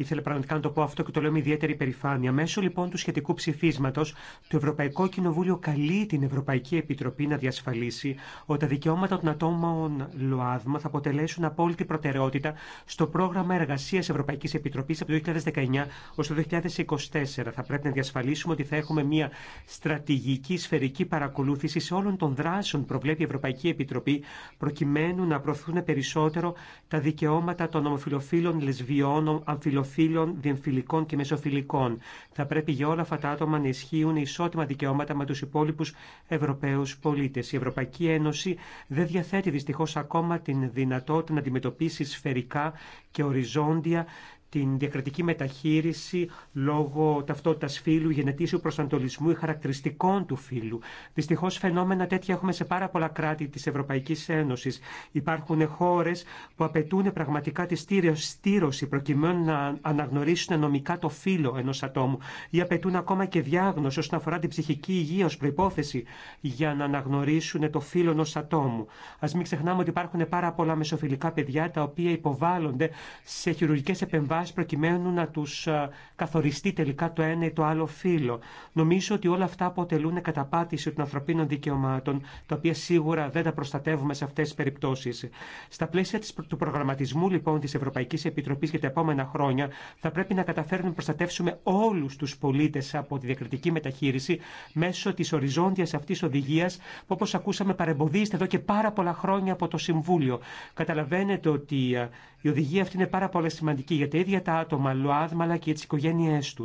Ήθελα πραγματικά να το πω αυτό και το λέω με ιδιαίτερη υπερηφάνεια. Μέσω λοιπόν του σχετικού ψηφίσματο, το Ευρωπαϊκό Κοινοβούλιο καλεί την Ευρωπαϊκή Επιτροπή να διασφαλίσει ότι τα δικαιώματα των ατόμων ΛΟΑΔΜΑ θα αποτελέσουν απόλυτη προτεραιότητα στο πρόγραμμα εργασία Ευρωπαϊκή Επιτροπή από το 2019 ω το 2024. Θα πρέπει να διασφαλίσουμε ότι θα έχουμε μια στρατηγική σφαιρική παρακολούθηση σε όλων των δράσεων προβλέπει η Ευρωπαϊκή Επιτροπή προκειμένου να προωθούν περισσότερο τα δικαιώματα των ομοφιλοφίλων, λεσβιών, αμφιλοφίλων ομοφύλων, διεμφυλικών και μεσοφιλικών. Θα πρέπει για όλα αυτά τα άτομα να ισχύουν ισότιμα δικαιώματα με του υπόλοιπου Ευρωπαίου πολίτε. Η Ευρωπαϊκή Ένωση δεν διαθέτει δυστυχώ ακόμα την δυνατότητα να αντιμετωπίσει σφαιρικά και οριζόντια την διακριτική μεταχείριση λόγω ταυτότητας φύλου, γενετήσιου προσανατολισμού ή χαρακτηριστικών του φύλου. Δυστυχώς φαινόμενα τέτοια έχουμε σε πάρα πολλά κράτη της Ευρωπαϊκής Ένωσης. Υπάρχουν χώρες που απαιτούν πραγματικά τη στήρωση προκειμένου να αναγνωρίσουν νομικά το φύλο ενός ατόμου ή απαιτούν ακόμα και διάγνωση όσον αφορά την ψυχική υγεία ως προϋπόθεση για να αναγνωρίσουν το φύλο ενός ατόμου. Ας μην ξεχνάμε ότι υπάρχουν πάρα πολλά μεσοφιλικά παιδιά τα οποία υποβάλλονται σε χειρουργικές επεμβάσεις προκειμένου να του ε, καθοριστεί τελικά το ένα ή το άλλο φύλλο. Νομίζω ότι όλα αυτά αποτελούν καταπάτηση των ανθρωπίνων δικαιωμάτων, τα οποία σίγουρα δεν τα προστατεύουμε σε αυτέ τι περιπτώσει. Στα πλαίσια του προγραμματισμού λοιπόν τη Ευρωπαϊκή Επιτροπή για τα επόμενα χρόνια, θα πρέπει να καταφέρουμε να προστατεύσουμε όλου του πολίτε από τη διακριτική μεταχείριση μέσω τη οριζόντια αυτή οδηγία που όπω ακούσαμε παρεμποδίζεται εδώ και πάρα πολλά χρόνια από το Συμβούλιο. Καταλαβαίνετε ότι ε, η οδηγία αυτή είναι πάρα πολύ σημαντική για τα ίδια τα άτομα, ΛΟΑΔΜΑ αλλά και τι οικογένειέ του.